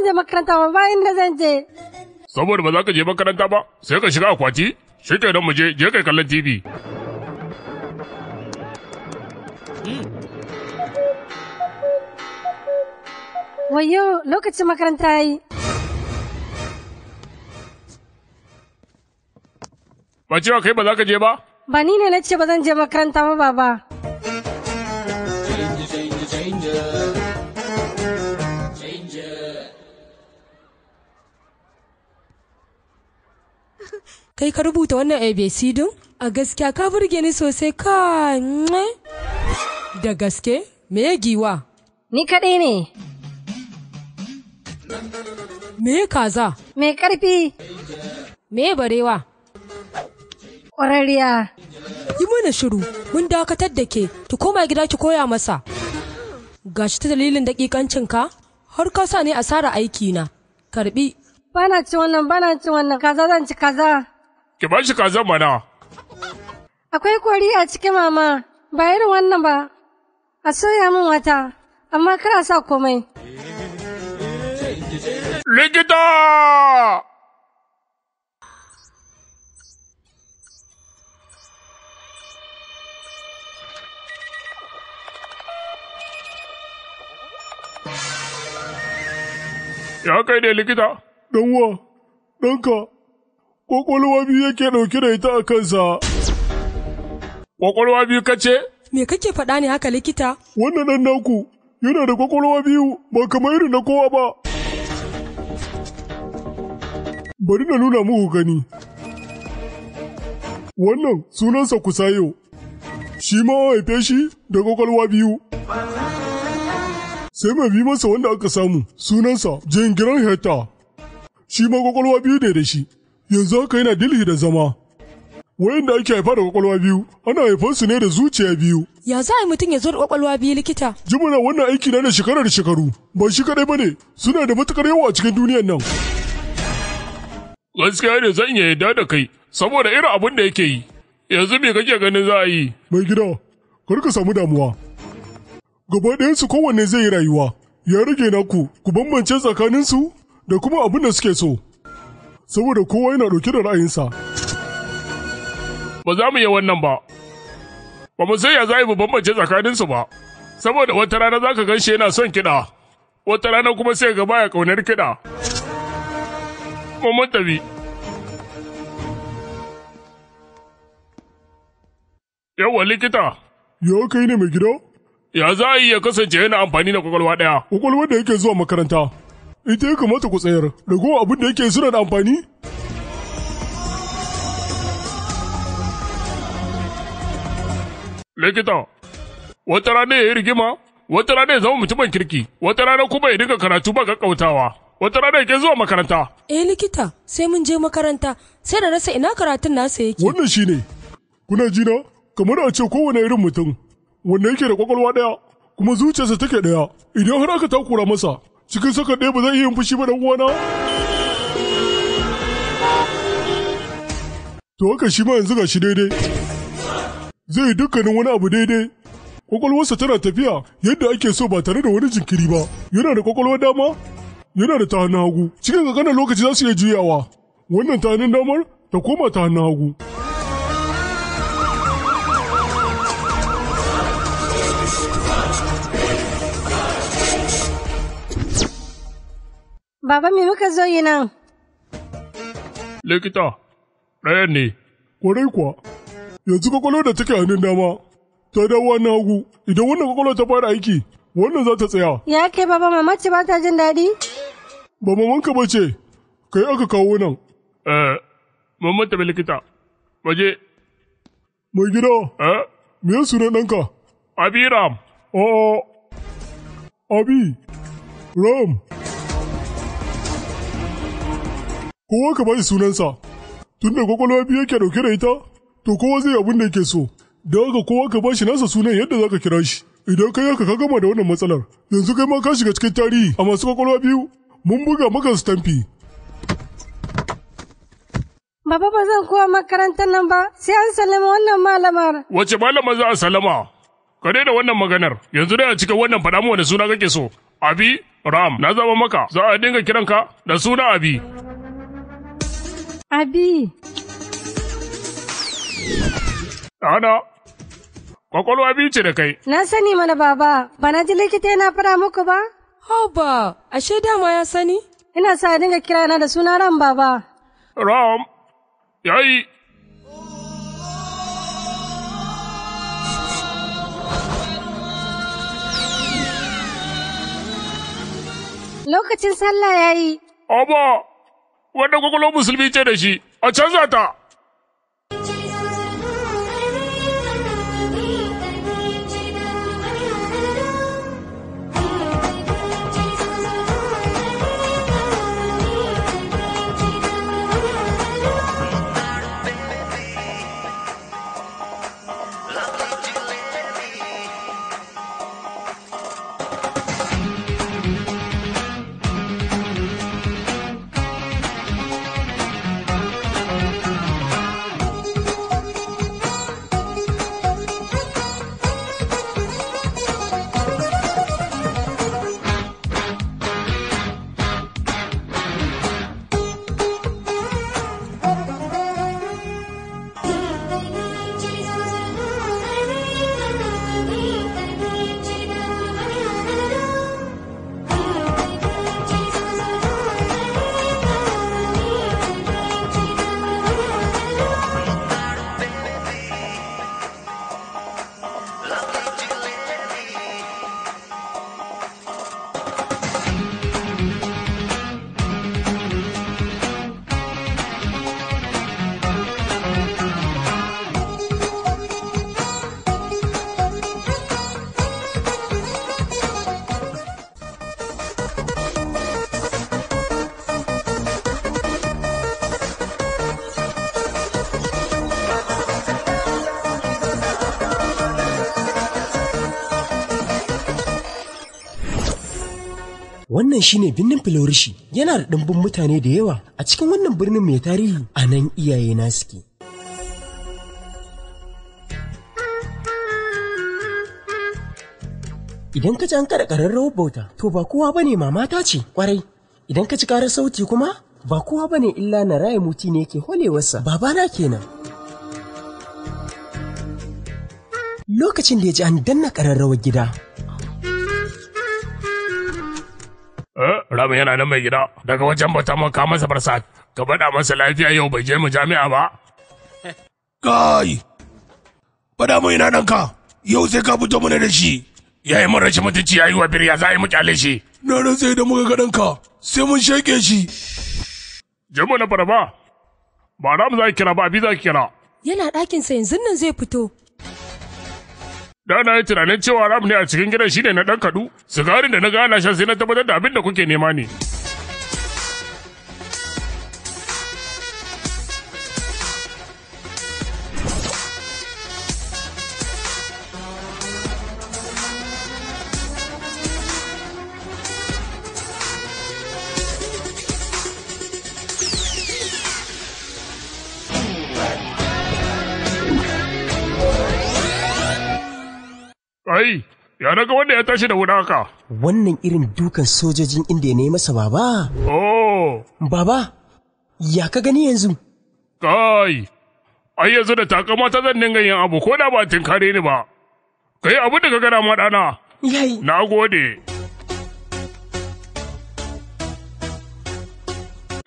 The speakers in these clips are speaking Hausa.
zan je makaranta ba ba inda zan je. Saboda ba za ka je makaranta ba sai ka shiga akwati shi ke mu je je kai kallon TV. Wayo lokacin makaranta ya yi. Ba cewa kai ba za ka je ba? Ba ni ne na ce ba zan je makaranta ba ba. kai ka rubuta wannan abc din a gaskiya ka burge ni sosai ka da gaske me ya giwa ni kaɗai ne me kaza me karfi? me barewa ƙwararriya yi mana shiru mun dakatar da ke ki koma gida ki koya masa gashi ta dalilin dakikancinka har ka sa ne asara aiki na karbi Bana ci wannan, bana ci wannan, kaza zan ci kaza. Ki ba shi kaza mana. Akwai kori a ciki mama, ba irin wannan ba. A soya min wata, amma kar sa komai. Likita! Ya kai ne likita? ɗanwa, ɗanka, ƙwaƙwalwa biyu yake ɗauke da ita a kansa. Ƙwaƙwalwa biyu ce? Me kake faɗa ne haka likita? Wannan ɗan naku yana da ƙwaƙwalwa biyu ba kamar irin na kowa ba. Bari na nuna muku gani. Wannan sunansa Kusayo, shi ma haife shi da ƙwaƙwalwa biyu. Sai mai bi masa wanda aka samu sunansa Jingiran hetta shi ma kwakwalwa biyu ne da shi yanzu haka yana dilhi da zama da ake haifa da kwakwalwa biyu ana haifar su ne da zuciya biyu ya za a mutum ya zo da kwakwalwa biyu likita jimina wannan aiki na da shekarar shekaru ba shi ba ne. suna da matukar yawa a cikin duniyar nan gaskiya ne zan iya yarda da kai saboda irin abin da yake yi yanzu me kake ganin za a yi mai gida kar ka samu damuwa gaba ɗayansu kowanne zai yi rayuwa ya rage naku ku bambance tsakaninsu da kuma abin da suke so, saboda kowa yana ɗauke da ra'ayinsa. Ba za mu yi wannan ba, ba mu sai ya za mu bambance tsakaninsu ba, saboda wata rana za ka ganshi yana son kiɗa, wata rana kuma sai ga baya ƙaunar kiɗa. Mun tafi. Yawwa likita. Ya kai ne mai gida? Ya za a iya kasance yana amfani da kwakwalwa ɗaya. Kwakwalwa da yake zuwa makaranta. ita ya kamata ku tsayar, Da ragowa abin da yake suna da amfani? Likita, wata rana ya yi rigima, wata rana ya zama mutumin kirki, wata rana kuma ya dinga karatu ba kakkautawa, wata rana ya zuwa makaranta. Eh likita, sai mun je makaranta, sai da rasa ina karatun nasa yake. Wannan shi ne, kuna jina, kamar a ce kowane irin mutum, wanda yake da kwakwalwa ɗaya, kuma zuciyarsa take ɗaya, idan har aka takura masa, cikin saka ɗaya ba zan iya yin fushi ba dan uwana to haka shi ma yanzu ga shi daidai zai yi dukkanin wani abu daidai kwakwalwarsa tana tafiya yadda ake so ba tare da wani jinkiri ba yana da kwakwalwar dama yana da ta hagu cikin ƙanƙanin lokaci za su iya juyawa wannan ta damar ta koma ta hagu Baba me muka zo yi nan? Likita, Ɗaya ne. Kwarai kuwa, yanzu kwakwalwar da take hannun dama, ta dawo na hagu, idan wannan kwakwalwar ta fara aiki, wannan za ta tsaya. Ya ke baba mama ce ba ta jin daɗi? Ba mamanka ba ce, kai aka kawo nan. Eh, maman ta likita, waje. Mai gida. Eh? Me sunan ɗanka? Abi Ram. Oh, Abi, Ram. kowa ka ba shi sunansa tun da kwakwalwa biyu yake dauke da ita to kowa zai abin da yake so da haka kowa ka ba shi nasa sunan yadda za ka kira shi idan kai haka ka gama da wannan matsalar yanzu kai ma ka shiga cikin tarihi a masu kwakwalwa biyu mun buga maka stamfi Baba ba zan kowa makarantar nan ba sai an salama wannan malamar. Wace malama za a salama? Ka da wannan maganar yanzu da a cikin wannan faɗa mu wani suna kake so. Abi Ram na zama maka za a dinga kiranka da suna Abi. Abi. Ana, kwakwalwa biyu ce da kai. Na sani mana baba, ba na ji likita yana fara muku ba? ba, ashe dama ya sani? Ina sa dinga kira na da suna ran baba. Ram, yayi. Lokacin sallah yayi. Aba. wanda kwakwalwar musulmi ce da shi, a canza ta. Wannan shine birnin Filorishi yana da ɗimbin mutane da yawa a cikin wannan birnin mai tarihi a nan iyaye na suke. Idan ka ji an kada ƙararrawar bauta, to ba kowa ba ne mamata ce kwarai, Idan ka ji ƙarar sauti kuma, ba kowa ba ne illa na raya muti ne ke holewarsa. Babana kenan. Lokacin da ya ji an danna ƙararrawar gida, Eh, Ramu yana nan mai gida daga wajen bata kama masa barsat ka faɗa masa lafiya yau bai je mu jami'a ba. Kai! Faɗa mai nan ka, yau sai ka fito mana da shi. Ya yi mun rashin mutunci ya yi wa birya za a yi mu kyale shi. Na ran sai da muka ga ka, sai mun shaƙe shi. Jami'a na fara ba ba za ki kira ba Abi za ki kira. Yana ɗakinsa yanzu nan zai fito. dana ya tunanin cewa ramu ne a cikin gidan shi ne na ɗan kaɗu sigarin da na gana shan sai na tabbatar da abin da kuke nema ne. Ya naga wanda ya tashi da wuri haka? Wannan irin dukan sojojin inda ya nema masa baba. Oh! Baba, ya ka gani yanzu? Kai, ai yanzu da takama ta zan dinga yin abu ko da ba tinkare ni ba. Kai abu da ka gana ma ɗana. Yayi. Na gode.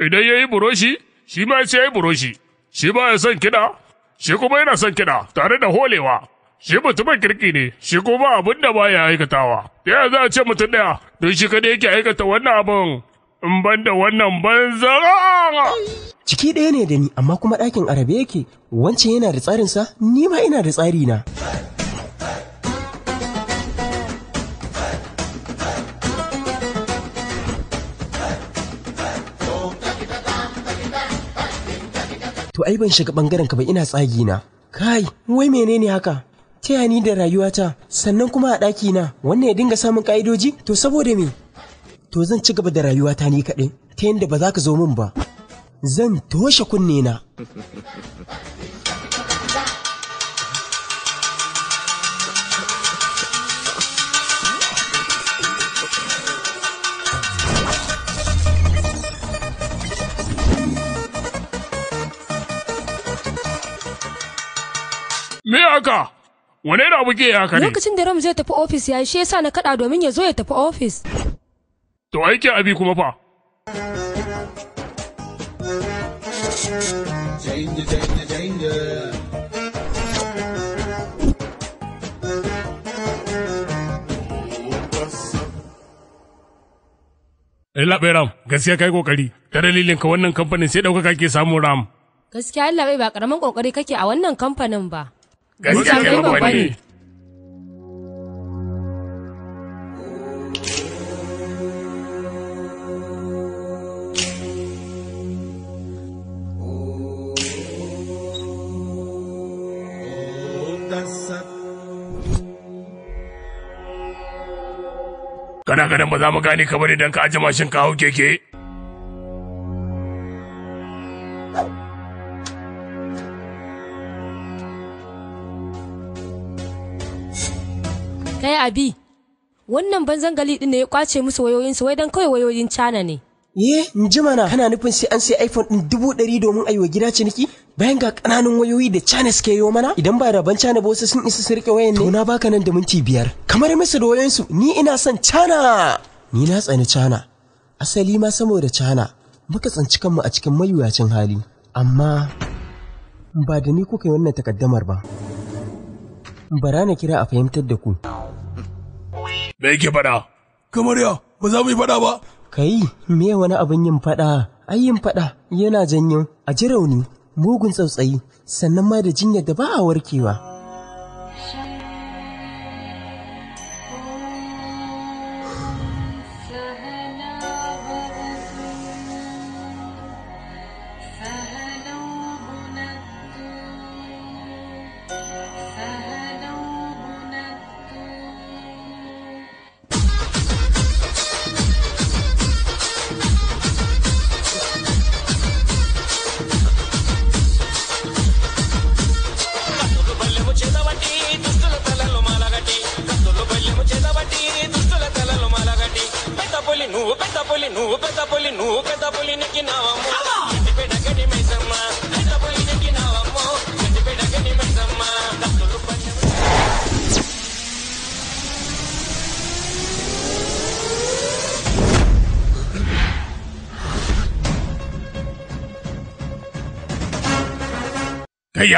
Idan ya yi buroshi, shi ma ce ya yi buroshi. Shi ba ya son kiɗa, shi kuma yana son kiɗa tare da holewa. shi mutumin kirki ne shi kuma abin da baya aikatawa ya za a ce mutum ɗaya don shi da yake aikata wannan abin in ban da wannan banzara ciki ɗaya ne da ni amma kuma ɗakin arabe yake wancan yana da tsarinsa ni ma ina da tsari na To ai ban shiga bangaren ka ba ina tsagi na. Kai, wai menene haka? taya ni da rayuwata sannan kuma a ɗaki na wannan ya dinga samun ƙa'idoji to saboda me to zan ci gaba da rayuwata ni kaɗai ta yadda ba za ka zo min ba zan toshe kunne na Me wane da abu ke ya kare? lokacin da ram zai tafi ofis ya shi yasa na kada domin ya zo ya tafi ofis to aiki abi kuma fa danger eh, Labe Ram, gaskiya kai kokari. Ta dalilin ka wannan kamfanin sai ɗaukaka ke samu Ram. Gaskiya Labe ba ƙaramin kokari kake a wannan kamfanin ba. gaskiya kai babba ne kana ganin ba za mu gane kamar idan ka ajiye mashin ka hau keke abi wannan banzan gali din ne ya kwace musu wayoyin su, wai dan kawai wayoyin cana ne ye in ji mana kana nufin sai an sai iphone din dubu ɗari domin ayi wa gida ciniki bayan ga ƙananan wayoyi da cana suke yo mana idan ba rabon cana ba wasu sun isa su rike wayan ne to na baka nan da minti biyar kamar musu da wayoyinsu ni ina son cana ni na tsani cana asali ma saboda cana muka tsanci kanmu a cikin mayuwacin hali amma ba da ni kuka yi wannan takaddamar ba bara na kira a fahimtar da ku Me yake faɗa? Kamar ya, ba za mu yi faɗa ba. Kai, me wani abin yin faɗa? Ai yin faɗa yana janyo a ji rauni, mugun tsautsayi, sannan ma da jinyar da ba a warkewa.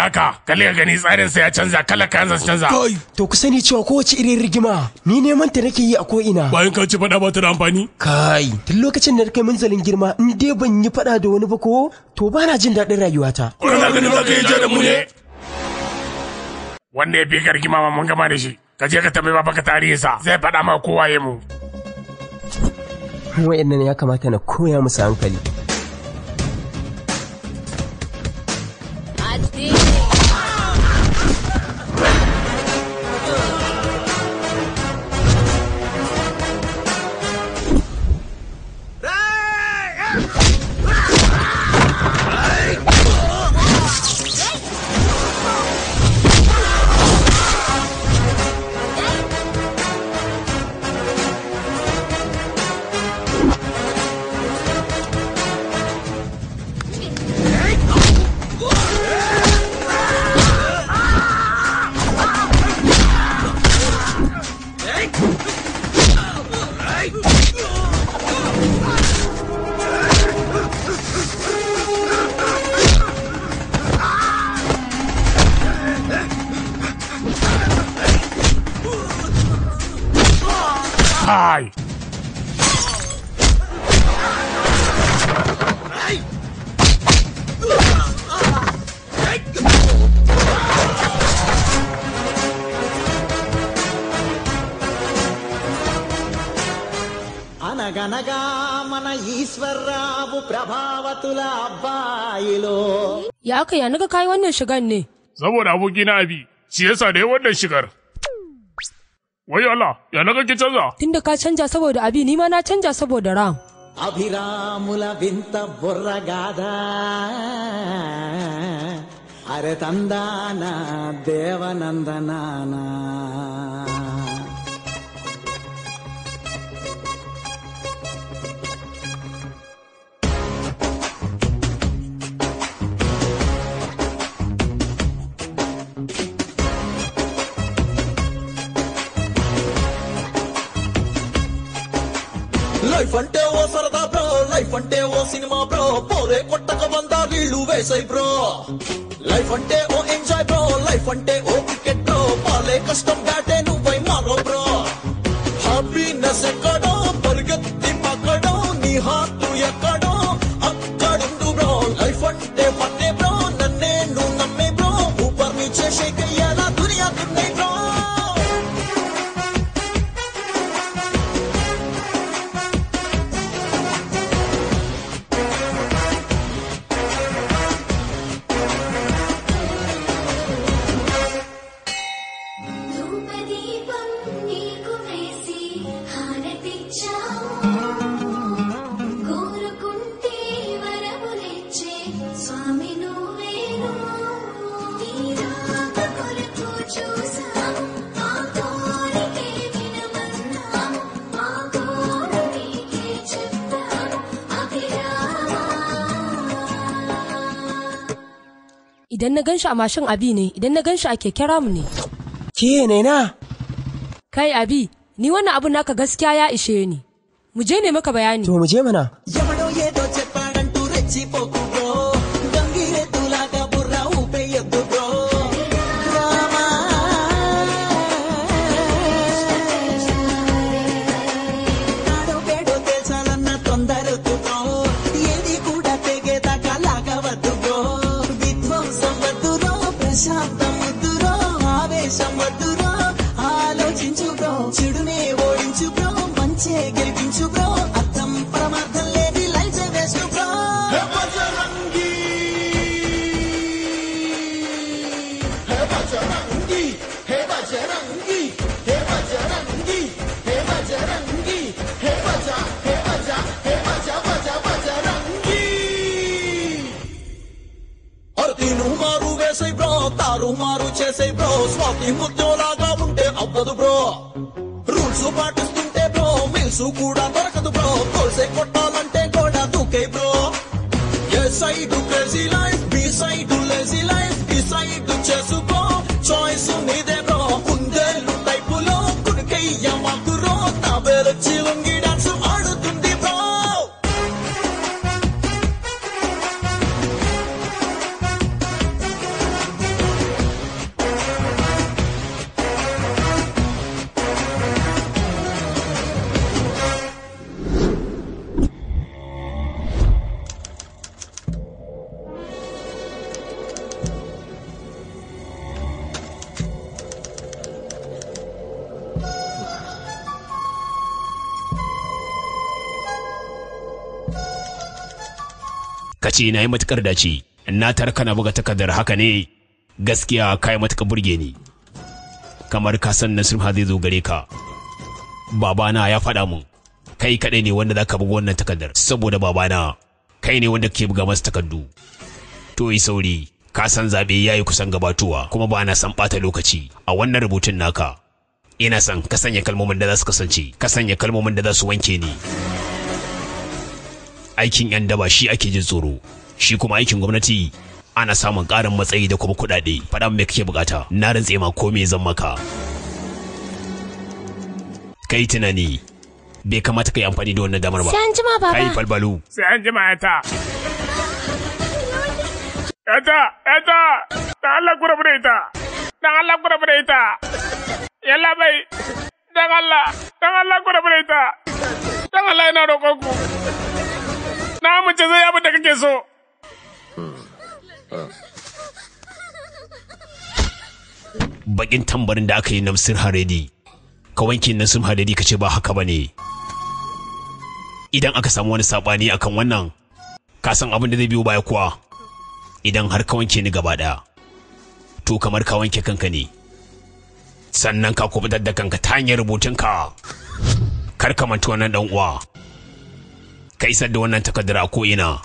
haka kalle gani tsarin sa ya canza kala kayan sa canza to ku sani cewa kowace irin rigima ni neman ta nake yi a ko ina bayan ka ci fada ba ta da amfani kai tun lokacin da kai munzalin girma in dai ban yi fada da wani ba ko to na jin daɗin rayuwata kana ganin za yi ja da mu ne wanda ya fi rigima ma mun gama da shi ka je ka tambayi baka sa. zai fada ma kowa ya mu wa'annan ya kamata na koya musu hankali aka ya naga kai wannan shigar ne? Saboda abokina abi, shi yasa da ya wannan shigar. Wai Allah, ya naga ki canza? Tunda ka canja saboda abi, ni ma na canja saboda ram. అభిరాముల వింత బుర్రగాదా అరే తందానా దేవనందనానా లైఫ్ అంటే ఓ సరదా bro life అంటే ఓ సినిమా బ్రో పోరే కొట్టక వందా వీళ్ళు వేసై బ్రో లైఫ్ అంటే ఓ ఎంజాయ్ బ్రో లైఫ్ అంటే ఓ క్రికెట్ బ్రో పాలే కష్టం బ్యాటే నువ్వై మారో బ్రో హ్యాపీనెస్ ఎక్కడో పరిగెత్తి పక్కడో నీ హార్ట్ ఎక్కడో idan na ganshi a mashin abi ne idan na ganshi a keke ramu ne ke ne na kai abi ni wannan abu naka gaskiya ya ishe ni mu je ne maka bayani to mu je mana ce na yi matukar dace na tarka na buga takardar haka ne gaskiya ka yi matuƙar burge ni kamar ka san Nasir ha zai zo gare ka babana ya faɗa mun kai kaɗai ne wanda zaka buga wannan takardar saboda babana kai ne wanda ke buga masa takardu to yi sauri ka san zaɓe ya yi kusan gabatowa kuma ba na san ɓata lokaci a wannan rubutun naka ina son ka sanya kalmomin da za su kasance ka sanya kalmomin da za su wanke ni. aikin 'yan daba shi ake jin tsoro shi kuma aikin gwamnati ana samun ƙarin matsayi da kuma kuɗaɗe faɗa me kake bukata na rantse ma ko me zan maka kai tunani bai kamata kai amfani da wannan damar ba sai an jima baba kai falbalu sai an jima ta yata! eta, ta Allah gura bude ita, dan Allah gura bude ita, yalla bai, dan Allah, dan Allah gura bude ita, dan Allah yana roƙon ku. na mace zai abin da kake so. Bakin tambarin da aka yi na namsin haredi, ka wanke sun haredi ka ce ba haka ba ne. Idan aka samu wani saɓani akan wannan, ka san abin da zai biyo baya kuwa. Idan har ka wanke ni gaba ɗaya, to kamar ka wanke kanka ne. Sannan ka kubutar da kanka ta hanyar rubutunka. Kar ka manta wannan ɗan uwa. ka isar da wannan takardar a ina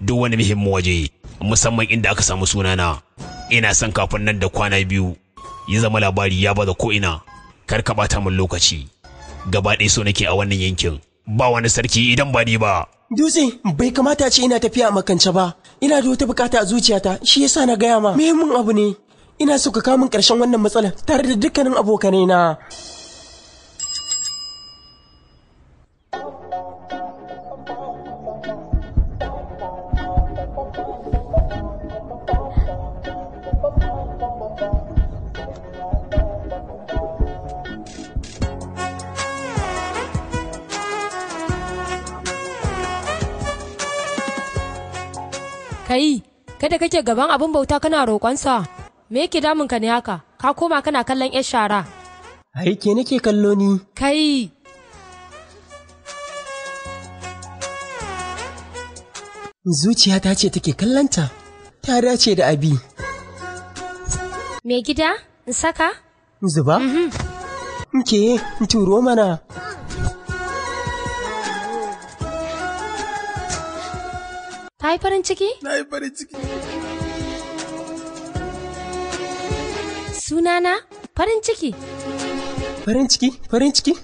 duk wani muhimmin waje musamman inda aka samu sunana ina son kafin nan da kwana biyu ya zama labari ya bada ko'ina kar ka bata min lokaci gaba ɗaya so nake a wannan yankin ba wani sarki idan ba ni ba dutse bai kamata ce ina tafiya a makance ba ina da wata bukata a zuciyata shi yasa na gaya ma muhimmin abu ne ina so ka kawo min ƙarshen wannan matsalar tare da dukkanin abokanaina Kada da kake gaban abin bauta kana roƙonsa me yake damun ka ne haka ka koma kana kallon yar shara ai ke nake kallo ni kai zuciya ta ce take kallanta ta dace da abi me gida in saka zuba mhm. ke turo mana Ta yi farin ciki? Na yi farin ciki. Sunana farin ciki. Farin ciki, farin ciki.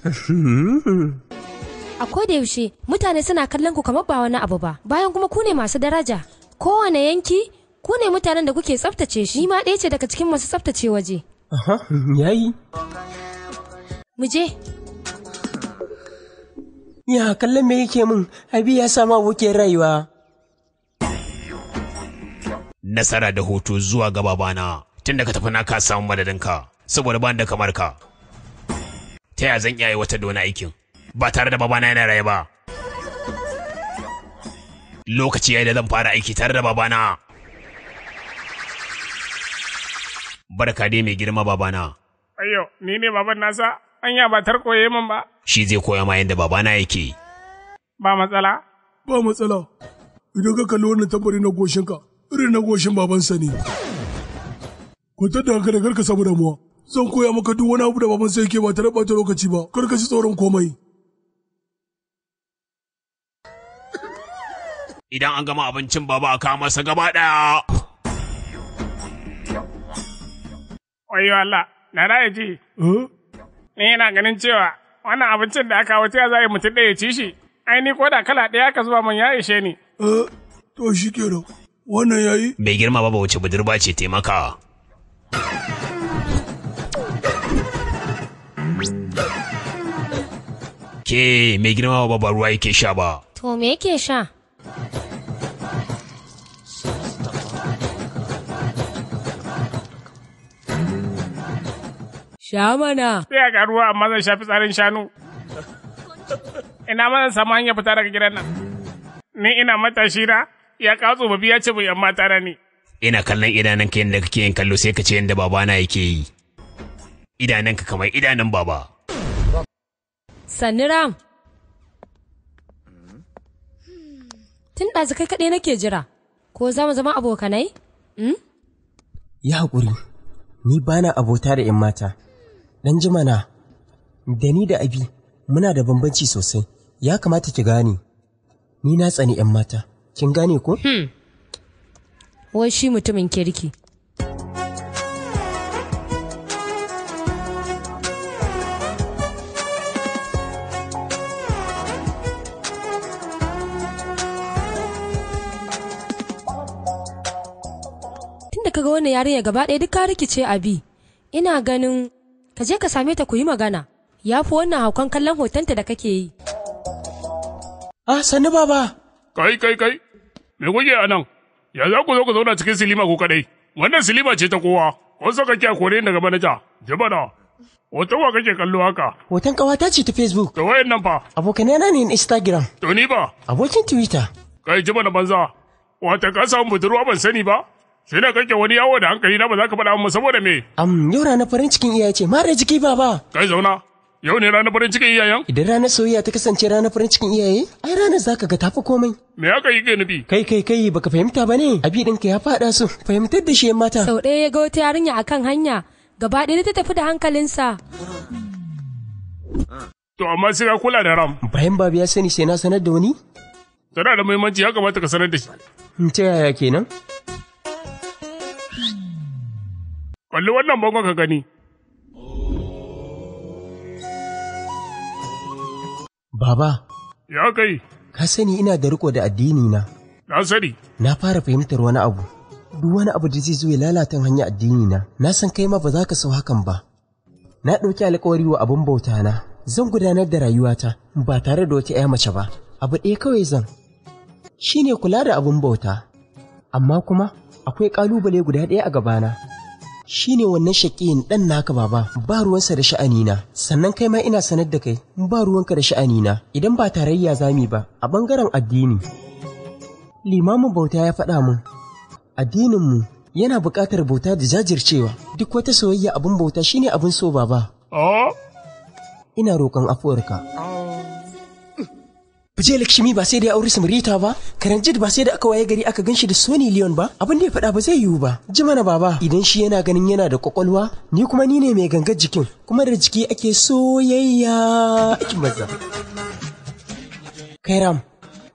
A koda yaushe mutane suna kallon ku kamar ba wani abu ba, bayan kuma ku ne masu daraja. Kowane yanki ku ne mutanen da kuke tsaftace shi ma ɗaya ce daga cikin masu tsaftace waje. Aha, yayi. Mu je. Ya kallon me yake min, abi ya sama abokin rayuwa. nasara da hoto zuwa ga babana tun da ka tafi na ka samu madadinka saboda ban da kamar ka ta yaya zan iya wata da wani aikin ba tare da babana yana raye ba lokaci yayi da zan fara aiki tare da babana barka dai mai girma babana ayyo ni ne baban nasa anya ba koye min ba shi zai koya ma yadda babana yake ba matsala ba matsala idan ka kalli wannan tabbari na goshinka irin na goshin babansa ne. Kwantar da hankali kar karka samu damuwa. Zan koya maka duk wani abu da babansa yake ba tare ɓata lokaci ba, kar ka ci tsoron komai. Idan an gama abincin baba a kama masa gaba ɗaya. Wayo Allah, na ra'ayi ji. Ni yana ganin cewa wannan abincin da aka wata za a yi mutum ɗaya ci shi. Ai ni ko da kala ɗaya ka zuba man ya ishe ni. Eh, to shi kenan. wannan yayi bai girma ba wace budurba ce taimaka ke mai girma ba ba ruwa yake sha ba to me yake sha Sha mana. Sai ga ruwa amma zai shafi tsarin shanu. Ina mana samu hanyar fita daga gidan nan. Ni ina matashi na. ya ka tsofaffi ya ce mu yan mata ne. Ina kallon ka yadda kake yin kallo sai ka ce yadda babana yake yi. ka kamar idanun baba. Sanni Ram. Tun ɗazu kai kaɗai nake jira, ko za mu zama abokanai? Hmm? Ya haƙuri, ni bana abota da ‘yan mata, ɗan jima na, da ni da abi muna da bambanci sosai, ya kamata ki gane, ni na tsani ‘yan mata. kin gane ko hmm. wai shi mutumin kirki da kaga wannan yarinya gaba ɗaya duk ka rikice abi ina ganin ka je ka same ta ku yi magana ya fi wannan haukan kallon hotonta da kake yi. Ah, sannu baba. kai kai kai, me kuke a nan, ya za ku zo ku zauna cikin silima ko kaɗai, wannan silima ce ta kowa, wasu kake a kore daga manaja, jibana. Hoton wa kake kallo haka? Hoton kawata ce ta Facebook. To wayan nan fa? abokan yana ne Instagram. To ni ba? Abokin Twitter. Kai ji banza. Wata ka samu budurwa ban sani ba? Sai na kake wani yawo da hankali na ba za ka faɗa mu saboda me? Am yau na farin cikin iyaye ce mare jiki baba. Kai zauna. Yau ne ranar farin cikin iyayen? Idan ranar soyayya ta kasance ranar farin cikin iyaye, ai ranar zaka ga tafi komai. Me aka yi ke nufi? Kai kai kai baka fahimta ba ne? din ka ya faɗa su, fahimtar da shi mata. Sau ɗaya ya ga wata yarinya akan hanya, gaba ɗaya ta tafi da hankalinsa. To amma sai ka kula da ram. Bayan babu ya sani sai na sanar da wani? Tana da muhimmanci ya kamata ka sanar da shi. Ta yaya kenan? Kwallo wannan bangon ka gani. Baba. Ya kai. Ka sani ina da riko da addini na. Na sani. Na fara fahimtar wani abu. Duk wani abu da zai zo ya lalata hanyar addini na. Na san kai ma ba za ka so hakan ba. Na ɗauki alƙawari wa abin bauta na. Zan gudanar da rayuwata ba tare da wata 'ya mace ba. Abu ɗaya kawai zan. Shi ne kula da abin bauta. Amma kuma akwai ƙalubale guda ɗaya a gabana. shine wannan shaƙiyin ɗan naka baba ba ruwansa da sha'anina sannan kai ma ina sanar da kai ba ruwanka da sha'anina idan ba tarayya zami ba a ɓangaren addini limamin bauta ya faɗa mun addininmu yana buƙatar bauta da jajircewa duk wata soyayya abin bauta shine abin so baba oh. ina roƙon afuwarka oh. je Lakshmi ba sai da ya auri Smrita ba, Karanjit ba sai da aka waye gari aka ganshi da Sony Leon ba, abin da ya faɗa ba zai yiwu ba. Ji mana baba, idan shi yana ganin yana da kwakwalwa, ni kuma ni ne mai gangar jikin, kuma da jiki ake soyayya. Aikin maza. Kai Ram,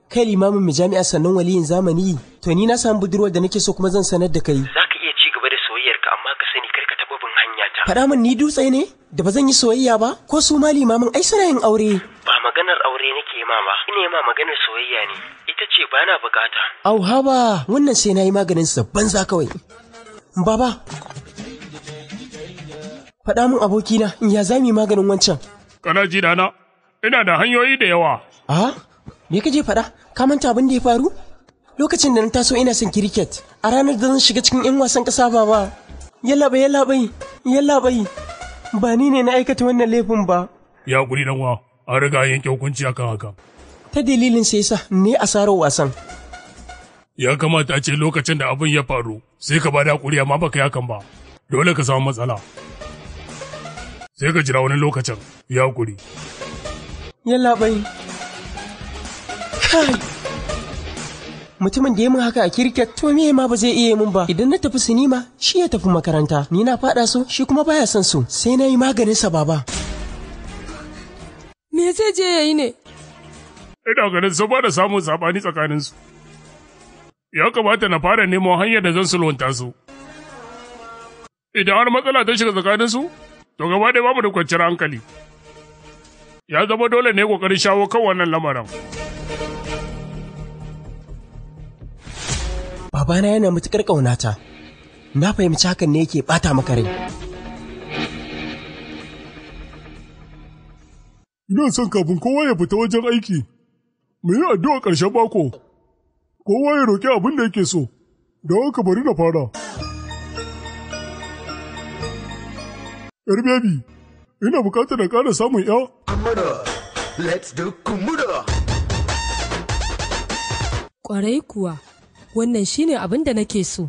kai limamin mu jami'a sannan waliyin zamani, to ni na samu budurwar da nake so kuma zan sanar da kai. Za ka iya ci gaba da soyayyar ka amma ka sani kai ka taɓa hanya ta. Faɗa min ni dutse ne? Da ba zan yi soyayya ba? Ko su ma limamin ai suna yin aure. maganar aure nake mama ina ma maganar soyayya ne ita ce ba na bukata au haba wannan sai yi maganin sa banza kawai baba faɗa min abokina ya zami maganin wancan kana ji dana ina da hanyoyi da yawa a me kaje faɗa ka manta abin da ya faru lokacin da na taso ina son kiriket a ranar da zan shiga cikin 'yan wasan ƙasa ba ba yallaɓai yalla bai ba ni ne na aikata wannan laifin ba ya guri dan wa an riga yanke hukunci akan haka. Ta dalilin sai sa ne saro wasan. Ya kamata a ce lokacin da abin ya faru sai ka bada hakuri amma baka yakan ba. Dole ka samu matsala. Sai ka jira wani lokacin ya hakuri. Yalla bai. Mutumin da ya min haka a kirket to me ma ba zai iya min ba idan na tafi sinima shi ya tafi makaranta ni na fada su shi kuma baya son su sai na yi maganin sa baba. Me zai je ya yi ne? Ina ganin da samun saɓani tsakaninsu. Ya kamata na fara neman hanyar da zan sulwanta su. Idan har matsala ta shiga tsakaninsu, to gaba ɗaya mu da kwanciyar hankali. Ya zama dole ne ƙoƙarin shawo kan wannan lamarin. Babana yana matuƙar ƙaunata, na fahimci hakan ne yake ɓata maka rai. Ina son kafin kowa ya fita wajen aiki, mu yi addu'a ƙarshen mako, kowa ya roƙi abin da yake so, da wanka bari na fara. ‘Yar ina buƙatar da ƙara samun ‘ya? Kumura, let's do kumuda! Ƙwarai kuwa, wannan shi ne abin da nake so.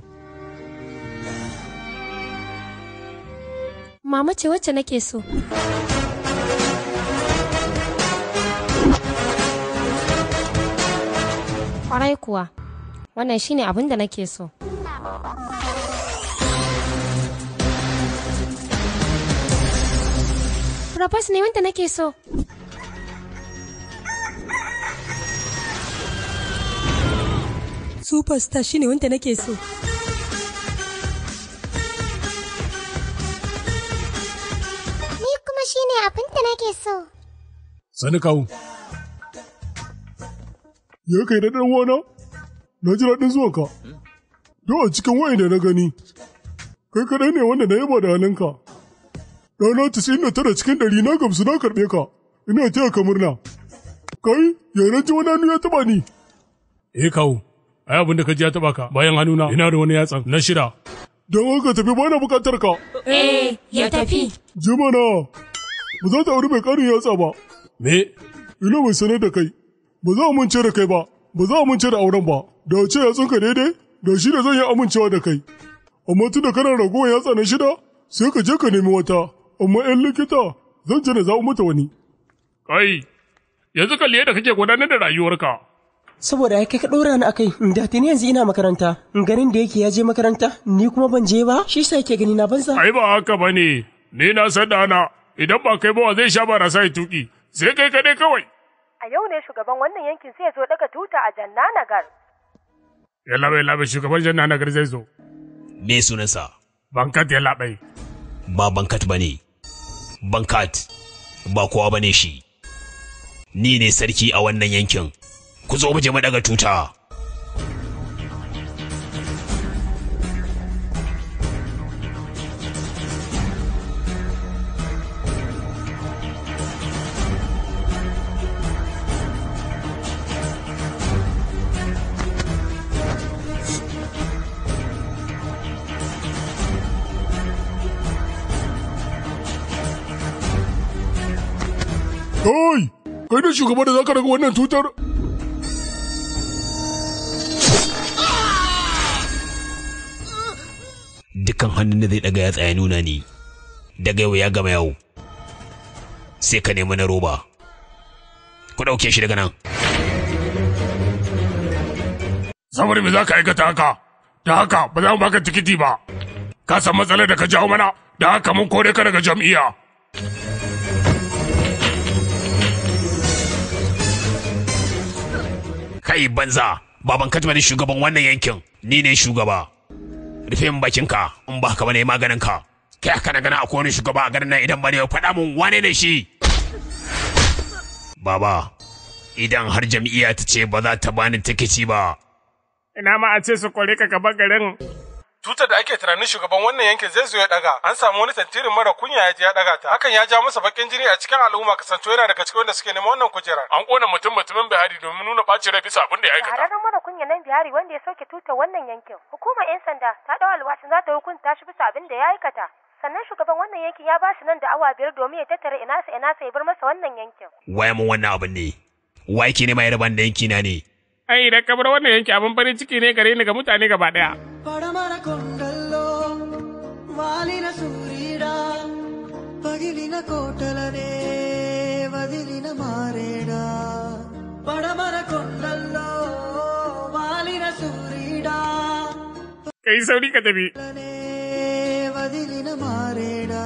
Mama ce wacce nake so. Kwarai kuwa, wannan shine abin da nake so. Propose ne wanda nake so. Superstar shine wanda nake so. Ni kuma shine abin da nake so. Sani kawo. Ya kai da ɗan wana? Na ji daɗin ka, Yau a cikin da na gani, kai kaɗai ne wanda na yi ba da halinka. ɗana tisa'in da tara cikin ɗari na gamsu na karɓe ka, ina taya ka murna. Kai, na ji wani hannu ya taɓa ni. Eh kawo, ai abin da ka ji ya taɓa ka bayan hannuna ina da wani yatsan na shida. Don haka tafi ba na buƙatar ka. Eh, ya tafi. Jimana, ba za ta auri mai ƙarin yatsa ba. Me? Ina mai sanar da kai. ba za amince da kai ba, ba za amince da auren ba, da ce ya tsinka daidai, da shi da zan yi amincewa da kai. Amma tun da kana ragowar yatsa na shida, sai ka je ka nemi wata, amma ‘yan likita zan je na zaɓi mata wani. Kai, yanzu kalli yadda kake gudanar da rayuwarka. Saboda ya kai ka ɗora ni a kai, da tuni yanzu ina makaranta, ganin da yake ya je makaranta, ni kuma ban je ba, shi sa yake gani na banza. Ai ba haka ba ne, ni na san da idan ba kai ba zai sha barasa ya tuƙi, sai kai kaɗai kawai. a yau ne shugaban wannan yankin sai ya zo daga tuta a Jannanagar. Yalla bai labe, shugaban Jannanagar zai zo. Me sunansa? Bankat ya labe. Ba bankat ba ne. Bankat ba kowa ba ne shi. Ni ne sarki a wannan yankin. Ku zo mu je mu daga tuta. kai ne shugaba da zaka daga wannan tutar dukan hannun da zai daga ya tsaya nuna ni daga yau ya gama yau sai ka nemi na roba ku ɗauke shi daga nan saboda me za ka aikata haka da haka ba za mu baka tikiti ba ka san matsalar da ka jawo mana da haka mun kore ka daga jam'iyya kai, banza baban katma ne shugaban wannan yankin ni ne shugaba rufe min bakinka in ba ka bane maganin ka kai aka na gana akwai wani shugaba a garin nan idan bane faɗa mun wane ne shi baba idan har jam'iyya ta ce ba za ta bani tikiti ba ina ma a ce su kore ka gaba garin tutar da ake tunanin shugaban wannan yankin zai zo ya daga an samu wani tantirin mara kunya ya je ya daga ta hakan ya ja masa bakin jini a cikin al'umma kasanto yana daga cikin wanda suke neman wannan kujera an kona mutum mutumin bihari domin nuna bacin rai bisa abin da ya aikata hararren mara kunya nan bihari wanda ya sauke tutar wannan yankin hukumar yan sanda ta dau alwashin za ta hukunta shi bisa abin da ya aikata sannan shugaban wannan yankin ya ba shi nan da awa biyar domin ya tattara ina sa ina sa ya bar masa wannan yankin Waye mun wannan abin ne waye ki neman yarban da yanki na ne ai da kabar wannan yanki abin farin ciki ne gare ni ga mutane gaba daya పడమర కొండల్లో వాలిన సూర్యుడా పగిలిన కోటలనే వదిలిన మారేడా పడమర కొండల్లో వాలిన సూర్యుడా కైసౌడి కదవి వదిలిన మారేడా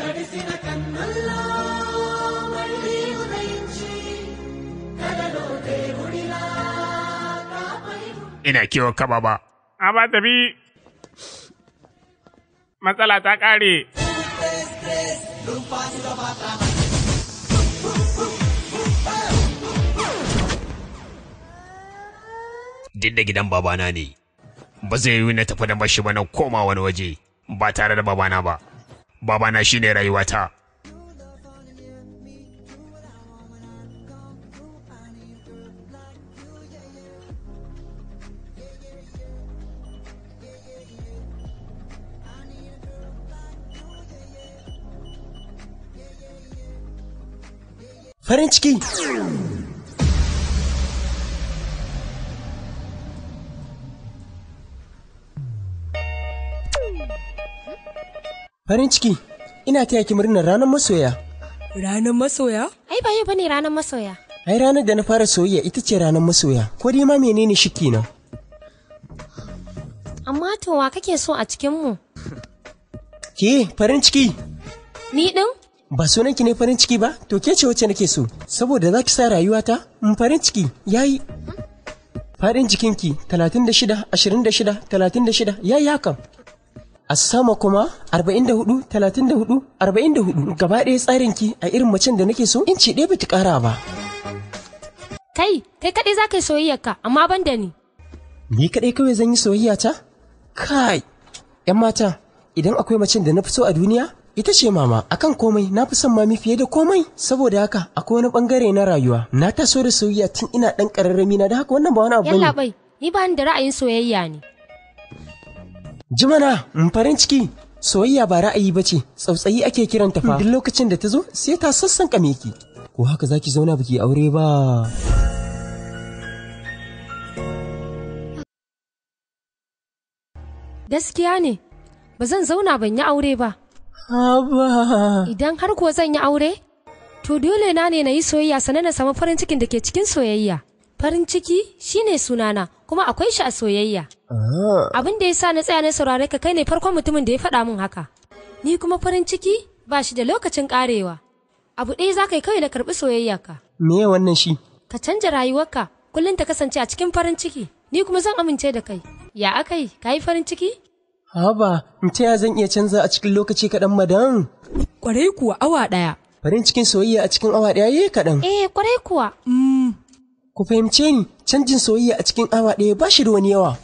కడిసిన కన్నల్లో మళ్ళీ ఉదయించి కలలో దేవుడిలా えな、今日かばば。ta bi matsala ta ƙare. Duk da gidan babana ne, ba zai yi na tafi da mashi ba na koma wani waje ba tare da babana ba. Babana shi shine rayuwata. farin ciki farin ciki ina taya ki murnar ranar masoya ranar masoya ai ba yau bane ranar masoya ai ranar da na fara soyayya ita ce ranar masoya ko dai ma menene shi kenan amma to wa kake so a cikin mu ke farin ciki ni din ba sunan ki ne farin ciki ba to ke ce wacce nake so saboda za ki sa rayuwata in farin ciki yayi farin jikinki 36 26 36 yayi hakan a sama kuma 44 34 44 gaba ɗaya tsarinki a irin macen da nake so in ce ɗaya bata ƙara ba kai kai kaɗai za ka yi soyayyarka amma ban da ni ni kaɗai kawai zan yi soyayya ta kai 'yan mata idan akwai macen da na fi so a duniya Ita ce mama, akan komai na fi son mami fiye da komai saboda haka akwai wani bangare na rayuwa. Na taso da soyayya tun ina dan kararrami na da haka wannan ba wani abu ne. Yalla ni ba ni da ra'ayin soyayya ne. Jimana, mm, farin ciki, soyayya ba ra'ayi ba ce, tsautsayi ake kiran ta fa. Mm. Duk lokacin da ta zo sai ta sassan kame Ko haka zaki zauna biki aure ba. Gaskiya ne, ba zan zauna ban yi aure ba. Abba. Idan har kuwa zan yi aure, to dole na ne na yi soyayya sannan na samu farin cikin da ke cikin soyayya. Farin ciki ne sunana kuma akwai shi a soyayya. Ah. Abin da ya sa na tsaya na saurare ka kai ne farkon mutumin da ya faɗa min haka. Ni kuma farin ciki ba shi da lokacin ƙarewa. Abu ɗaya za ka yi kawai na karɓi soyayya ka. Me wannan shi? Ka canja rayuwarka kullum ta kasance a cikin farin ciki. Ni kuma zan amince da kai. Ya akai, ka yi farin ciki? Haba, in ta ya zan iya canza a cikin lokaci kaɗan madan? Kwarai kuwa awa ɗaya. Farin cikin soyayya a cikin awa ɗaya yi kaɗan. Eh, kwarai kuwa. Mm. Ku fahimce ni, canjin soyayya a cikin awa ɗaya ba shi da wani yawa.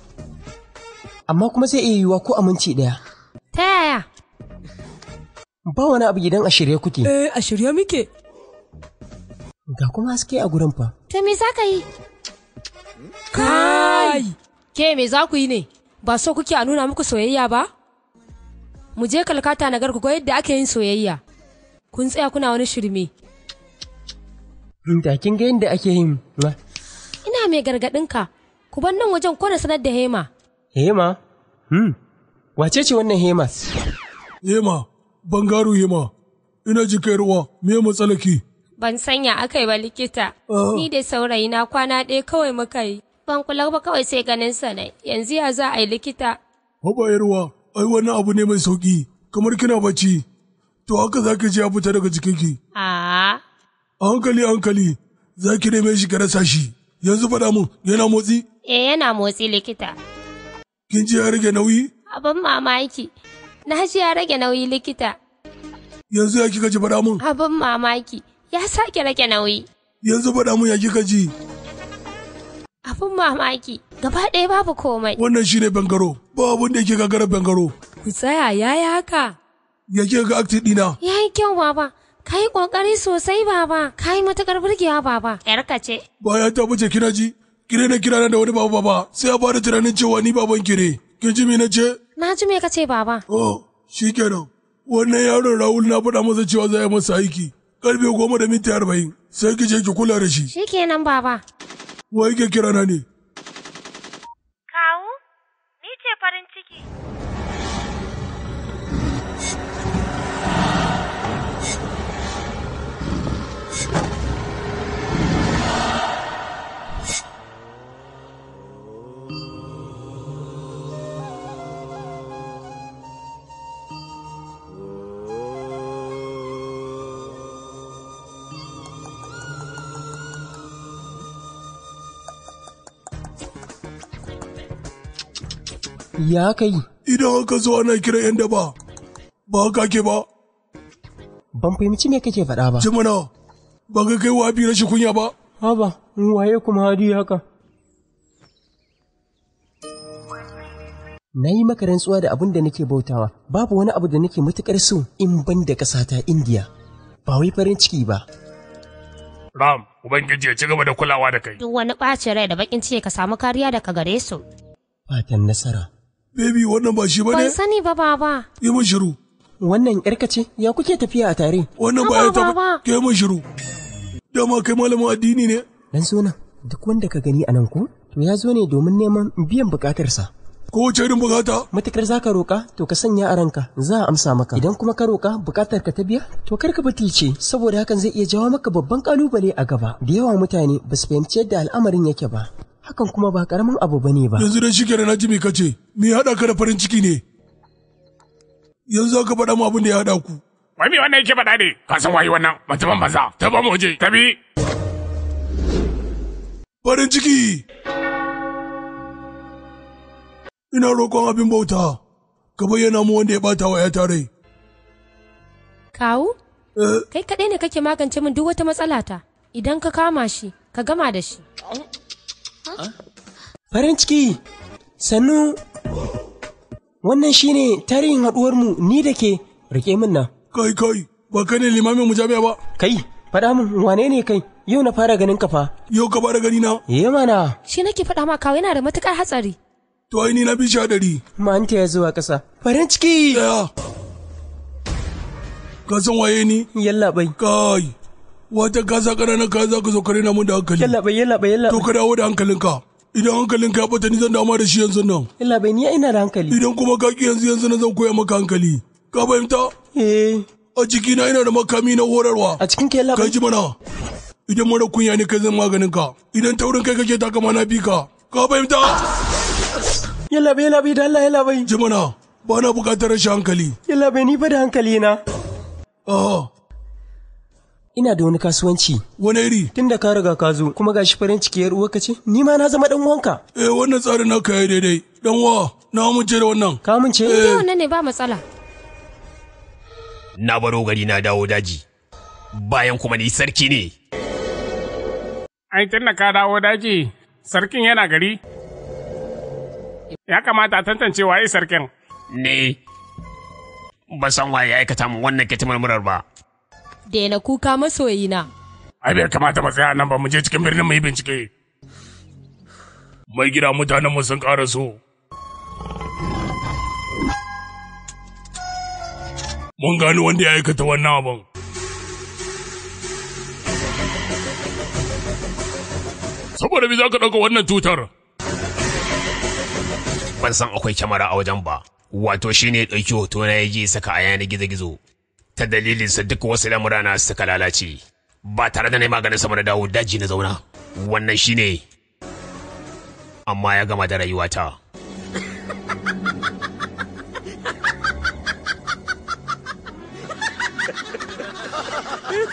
Amma kuma zai iya yiwuwa ko a minti ɗaya. Ta yaya? Ba wani abu gidan a shirye kuke. Eh, a shirye muke. Ga kuma haske a gurin fa. To me za ka yi? Kai! Ke me za ku yi ne? ba so kuke a nuna muku soyayya ba mu je kalkata na garku ga yadda ake yin soyayya kun tsaya kuna wani shirme da kin ga yadda ake yin ina mai gargadin ka ku bar nan wajen kona sanar da hema hema hmm wace ce wannan hema hema bangaro hema ina jikairuwa me matsalaki ban sanya akai ba likita ah. ni da saurayi na kwana ɗaya kawai muka yi ban kula ba kawai sai ganin sa ne, yanzu ya za a yi likita. Haba yarwa, ai wannan abu ne mai sauƙi. kamar kina bacci, to haka za ki ji ya fita daga jikinki. A hankali hankali, za ki neme shi ka rasa shi, yanzu faɗa mu yana motsi? Eh yana motsi likita. Kin ji ya rage nauyi? Abin mamaki, na ji ya rage nauyi likita. Yanzu ya kika ji faɗa mun? Abin mamaki, ya sake rage nauyi. Yanzu faɗa mun ya kika ji. Abin mamaki, gaba ɗaya babu komai. Wannan shi ne bangaro, ba abin da yake gagarar bangaro. Ku tsaya yi haka. Ya ke ga akti ɗina. Ya yi kyau baba, ka yi ƙoƙari sosai baba, ka yi matuƙar burgewa baba. ‘Yarka ce. Ba ya ta wuce kina ji, kire na kirana da wani babu baba, sai ya bada tunanin cewa ni baban kire. Kin ji me na ce? Na ji me ka ce baba. Oh, shi kenan. Wannan yaron Rahul na faɗa masa cewa za a masa aiki. Karfe goma da minti arba'in, sai ki je ki kula da shi. Shi kenan baba. Wai ke kira na ne? Ya aka Idan aka zo ana kira ‘yan daba, ba haka ke ba. Ban fahimci me kake faɗa ba. Jimina, ba ka kai wa abi rashin kunya ba. Haba, waye kuma hadi haka. na yi maka rantsuwa da abin da nake bautawa babu wani abu da nake matuƙar so in ban da ta indiya ba wai farin ciki ba ram ubangiji ya ci gaba da kulawa da kai duk wani ɓacin rai da bakin ciki ka samu kariya daga gare su fatan nasara Baby wannan ba shi ne? Ban sani ba baba. Yi mun shiru. Wannan yarka ce? Ya kuke tafiya a tare? Wannan ba ya tafi. Ke mun shiru. Dama kai malamin addini ne? Dan sona, duk wanda ka gani a nan ko? To ya zo ne domin neman biyan bukatarsa. Ko wace irin bukata? Matuƙar za ka roƙa, to ka sanya a ranka, za a amsa maka. Idan kuma ka roƙa, bukatar ka ta biya, to kar ka batilce, saboda hakan zai iya jawo maka babban ƙalubale a gaba. Da yawa mutane ba su fahimci yadda al'amarin yake ba. hakan kuma ba karamin abu bane ba yanzu dai shike na ji me kace me ya hada ka da farin ciki ne yanzu ka faɗa mu abin da ya hada ku wai me wannan yake faɗa ne ka san wai wannan mutumin banza ta ba mu je. ta bi farin ciki ina roƙon abin bauta ka bayyana mu wanda ya bata wa ya tare kawu eh? kai kaɗai ne kake magance min duk wata matsala ta idan ka kama shi ka gama da shi Farin ciki, sannu wannan shine tarihin haɗuwarmu ni da ke rike min nan. Kai kai, ba kai ne limamin mujami'a ba. Kai, faɗa min wane ne kai? Yau na fara ganin kafa. Yau ka fara gani na? Ye mana. Shi nake faɗa ma kawai yana da matukar hatsari. To ai ni na bi shi hadari. Manta ya zuwa ƙasa. Farin ciki. Ka san waye ni? Yalla bai. Kai, wata kasa ƙananan kayan za ka zo kare na mun da hankali yalla bai yalla bai yalla to ka dawo da hankalinka idan hankalinka ya bata ni zan dama da shi yanzu nan yalla bai ni ina da hankali idan kuma ka ki yanzu yanzu nan zan koya maka hankali ka fahimta eh a jikina ina da makami na horarwa a cikin ke yalla bai ji mana idan mara kunya ne kai zan maganin ka idan taurin kai kake taka ma na bi ka ka fahimta yalla bai yalla bai da Allah yalla bai ji mana ba na bukatar rashin hankali. Yalla bai ni ba da hankali na. Ah, ina da wani kasuwanci. Wani iri? Tun da ka riga ka zo, kuma ga shi farin ciki yar uwa ce, ni ma na zama ɗan wanka. Eh wannan tsarin naka yayi daidai. Ɗan wa, na amince da wannan. Ka amince? Eh wannan ne ba matsala. Na baro gari na dawo daji. Bayan kuma ni sarki ne. Ai tun da ka dawo daji, sarkin yana gari. Ya kamata a tantance waye sarkin. Ne. Ban san waye ya aikata mu wannan murar ba. Daina kuka masoyina. Ai bai kamata ba tsaya nan ba mu je cikin birnin mu yi bincike. Mai gida mutanen mu sun ƙara so. Mun gano wanda ya aikata wannan abin. Saboda bi za ka ɗauka wannan tutar. Ban san akwai kyamara a wajen ba. Wato shine ne ɗauki hoto na ya je saka a yanar gizo-gizo. ta dalilinsa duk wasu lamurana suka lalace ba tare da na maganin sama na dawo daji na zauna wannan shine amma ya gama da rayuwata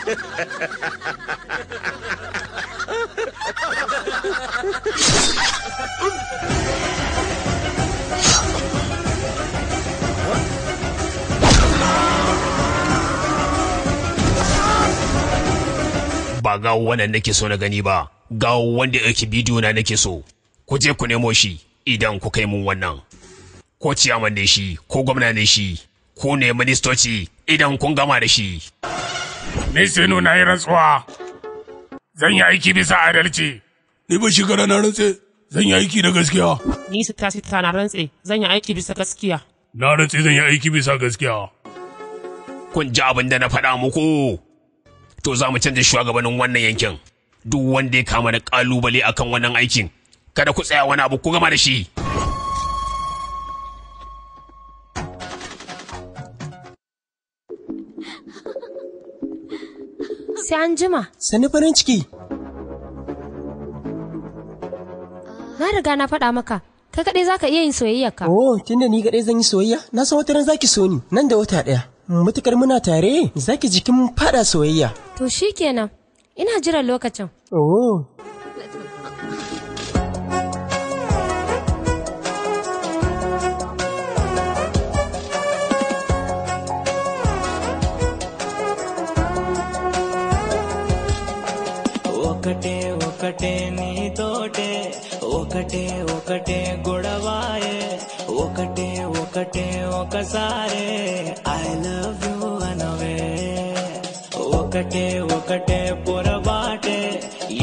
Ha ba gawo wannan nake so na gani ba gawo wanda yake bidiyo na nake so ku je ku nemo shi idan ku kai mun wannan ko ciyaman ne shi ko gwamna ne shi ko ne ministoci idan kun gama da shi Me sai nuna yi rantsuwa zan yi aiki bisa adalci ni ba shekara na rantse zan yi aiki da gaskiya ni sita sita na rantse zan yi aiki bisa gaskiya na rantse zan yi aiki bisa gaskiya kun ji abin da na faɗa muku to za mu canza shugabannin wannan yankin duk wanda ya kama da kalubale akan wannan aikin kada ku tsaya wani abu ku gama da shi sai an jima sani farin ciki na riga na faɗa maka kai kaɗai za ka iya yin soyayyarka oh tunda ni kaɗai zan yi soyayya na san wata ran za ki so ni nan da wata ɗaya Matukar muna tare, zaki jikin fada soyayya. To shi kenan, ina jiran lokacin. Oh. ఒకటే ఒకటే నీతోటే ఒకటే ఒకటే గు ఒకటే ఒకసారే I love you అనవే ఒకటే ఒకటే పొరబాటే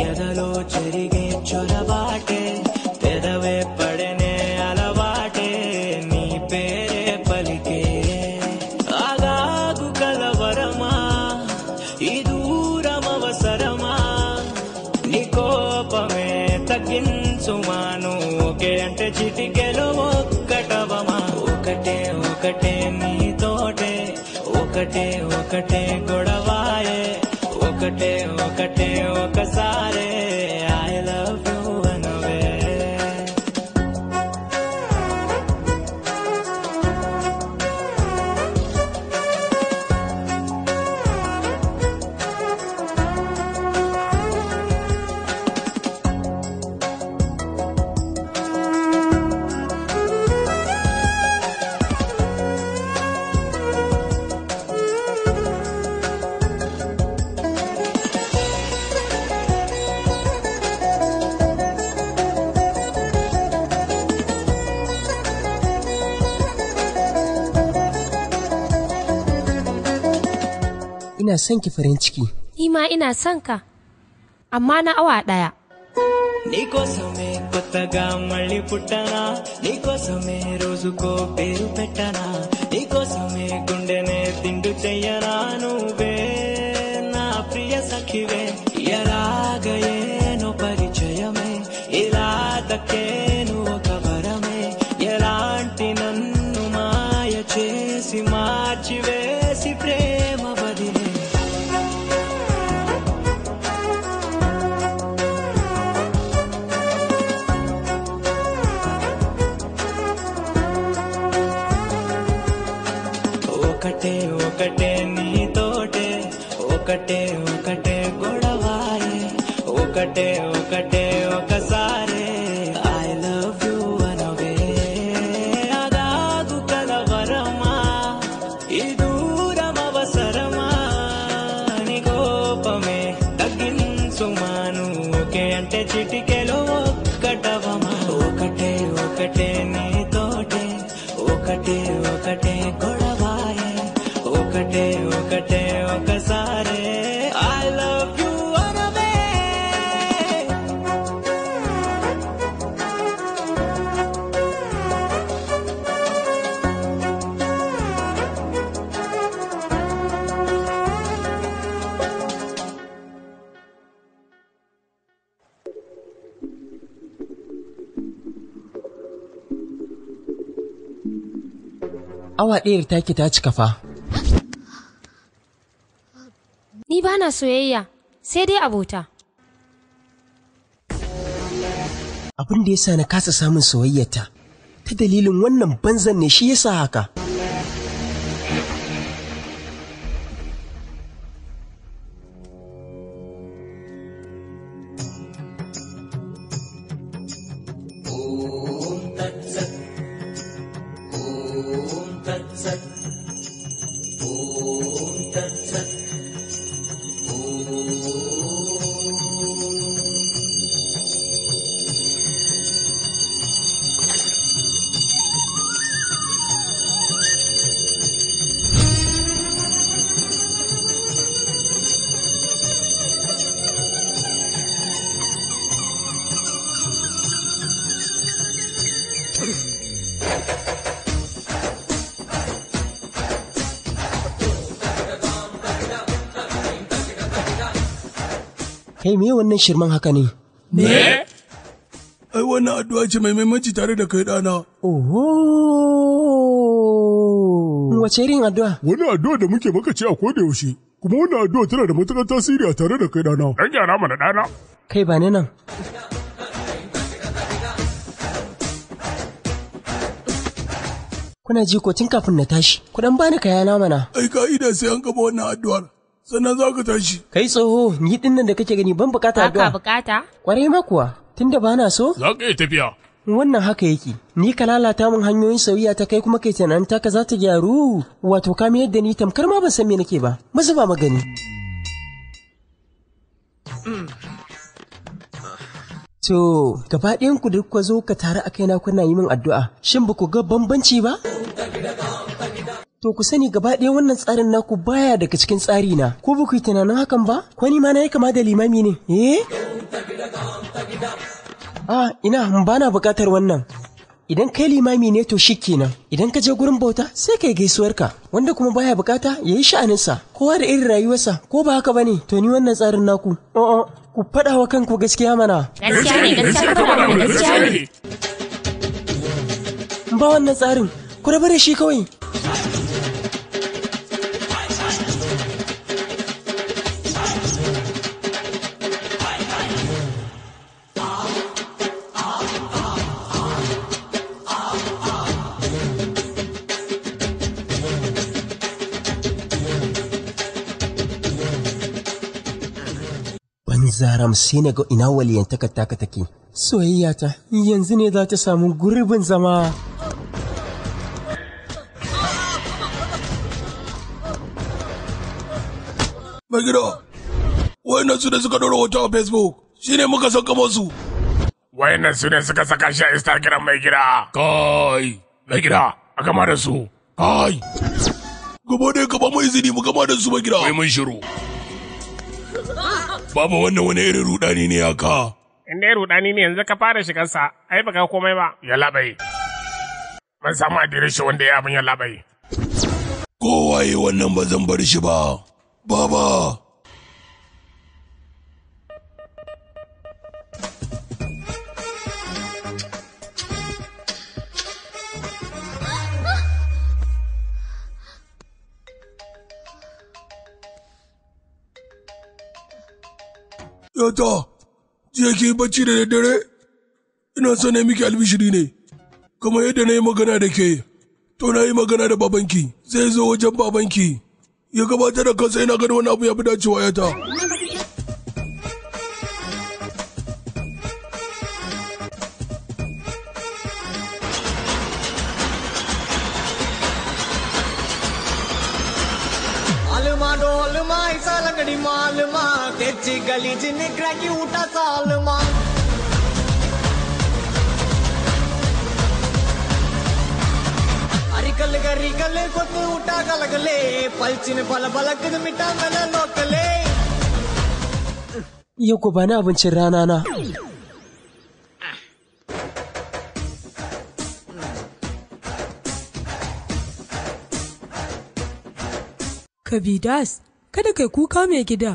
ఎదలో జరిగే చొరబాటే son ki farin ciki. Ni ma ina son ka, amma na awa ɗaya. Ni same me kotaga mali puttana, ni kosa rozu ko peru pettana. awa ɗaya da take ta cika fa. Ni ba na soyayya sai dai abota. Abin da ya sa na kasa samun soyayyata ta dalilin wannan banzan ne shi yasa haka. wannan shirman haka ne? Me? Ai, wannan addu'a ce mai maimaci tare da kai ɗana. Oho! Wace irin addu'a? Wani addu'a da muke maka ce a koda yaushe, kuma wannan addu'a tana da matuƙar tasiri a tare da kai ɗana. Ɗan gyara mana ɗana. Kai ba ni nan. Kuna ji ko tun kafin na tashi, ku ɗan kaya kayana mana. Ai, ka'ida sai an gaba wannan addu'ar. sannan za ka tashi. Kai tsoho, ni ɗin nan da kake gani ban bukata addu'a. Ba bukata? Kwarai ma kuwa, tun ba na so? Za ka iya tafiya. Wannan haka yake, ni ka lalata min hanyoyin sauya ta kai kuma kai tunanin taka za ta gyaru, wato ka yadda ni tamkar ma ban san me nake ba, mazu ba magani. To, gaba ɗayan ku duk zo ka tare a kaina kuna yi min addu'a, shin ba ku ga bambanci ba? To ku sani gaba ɗaya wannan tsarin naku baya daga cikin tsari na. Ko ba yi tunanin hakan ba? Ko ni ma na yi kama da limami ne? Eh? Ah, ina ba na buƙatar wannan. idan kai limami ne to shi kenan idan ka je gurin bauta sai kai gaisuwarka wanda kuma baya bukata ya yi sha'aninsa kowa da irin rayuwarsa ko ba haka bane to ni wannan tsarin naku ku faɗa wa kanku gaskiya mana ne gaskiya ne gaskiya ne ba wannan tsarin ku rabu da shi kawai Zaram sai na ga ina waliyantakar taka take. Soyayyata yanzu ne za ta samu gurbin zama. Mai gida, wayannan su ne suka dora hoto a Facebook, shi ne muka saka masu. Wayannan su ne suka saka shi a Instagram mai gida. Kai, mai gida, a kama da su. Kai. Gaba ne ka mai mu mu kama da su mai gida. Kai mun shiru. Baba wannan wani irin rudani ne haka? In dai rudani ne yanzu ka fara shigarsa, ai baka komai ba. Ya labai. Ban samu adireshi wanda ya abin ya labai. Kowa yi wannan ba zan bar shi ba. Baba. Yata, jiya ke bacci da daddare? Ina son na miki albishiri ne, kamar yadda na yi magana da ke, to na yi magana da babanki, zai zo wajen babanki, ya gabatar da kansa yana ganin wani abu ya fi dacewa yata. सगळी माल मा त्याची गलीज निकरा की उठा चाल मा अरिकल गरिकल कोत उठा गलगले पलचिन पल बलक मिटा मन लोकले Yau ku bani abincin rana na. Kabidas, kada kai kuka mai gida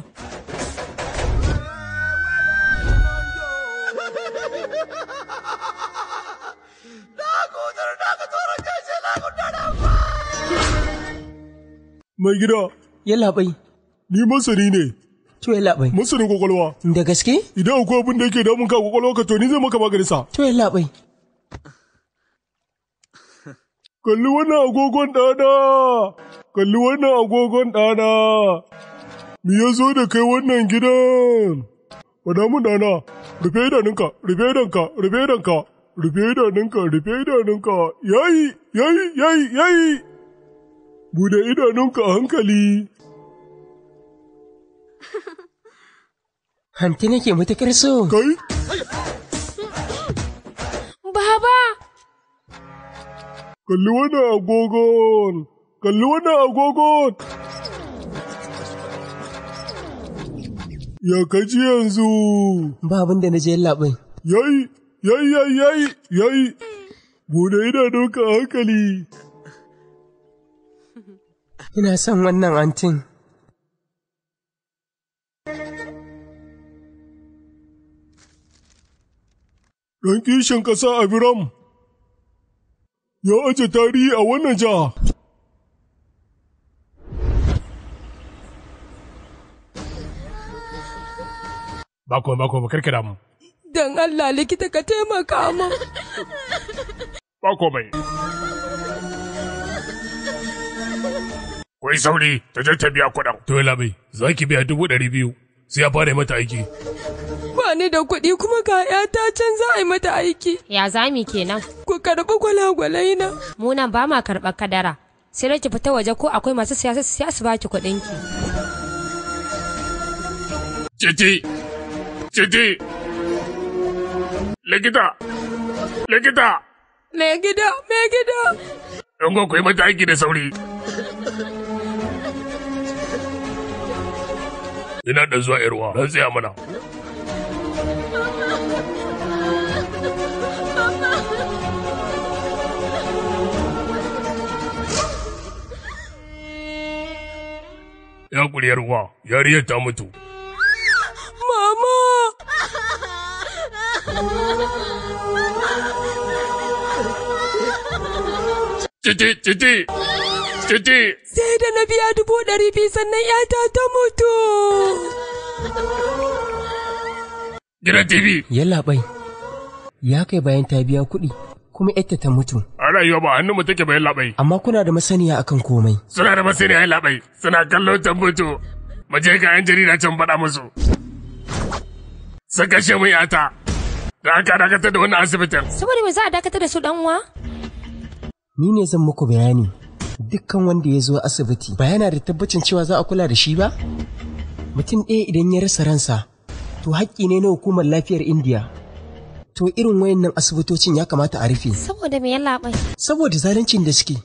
mai gida ya labai ni masani ne to ya labai masanin kwakwalwa da gaske idan akwai abin da yake damun ka kwakwalwa ka to ni zai maka maganin sa to ya labai kalli wannan agogon dada kalli wannan agogon ɗana, me ya zo da kai wannan gidan? Wada mun ɗana, rufe idanunka, rufe idanka, rufe idanka, rufe idanunka, rufe idanunka, yayi, yayi, yayi, yayi. Bude idanunka a hankali. Hanti nake matuƙar so. Kai? Baba! Kalli wannan agogon. kalli wannan agogo! Ya kaji yanzu! Ba abin da na je labin Yayi, yayi, yayi, yayi, yayi, bude ina doka hankali. Ina son wannan antin. Don kishin ƙasa Abiram ya aje tarihi a wannan jiha. Ba kuma ba kuma karkira mu. Don Allah likita ka taimaka mu. Ba bai. Wai sauri, ta je ta biya kuɗin. To bai za ki biya dubu ɗari biyu, sai ya fara mata aiki. Ba ni da kuɗi kuma ga ta can za a yi mata aiki. Ya zami kenan. Ku karɓi gwalagwalai na. Mu nan ba ma karɓar kadara. Sai dai ki fita waje ko akwai masu siyasa su ba ki baki kuɗinki. Titi. Cidi! Likita! Likita! Me gida, me gida! Yango ku mata aiki da sauri. Ina da zuwa yarwa, don tsaya mana. Ya wa, ta mutu. Mama! Titi, titi, titi. Sai da na biya dubu ɗari biyu sannan ‘yata ta mutu. Gidan TV. Yalla bai, ya kai bayan ta biya kuɗi kuma ita ta mutu. A rayuwa ba hannunmu take bayan labai. Amma kuna da masaniya akan komai. Suna da masaniya yin labai, suna kallon ta mutu. Mu je ga ‘yan jarida can faɗa musu. Saka shi mu ata. Da aka dakatar da wannan asibitin. Saboda me za a dakatar da su dan uwa? Ni ne zan muku bayani. Dukkan wanda ya zo asibiti ba yana da tabbacin cewa za a kula da shi ba? Mutum ɗaya idan ya rasa ransa, to haƙƙi ne na hukumar lafiyar Indiya. To irin wayannan asibitocin ya kamata a rufe. Saboda me ya labai? Saboda zaluncin da suke.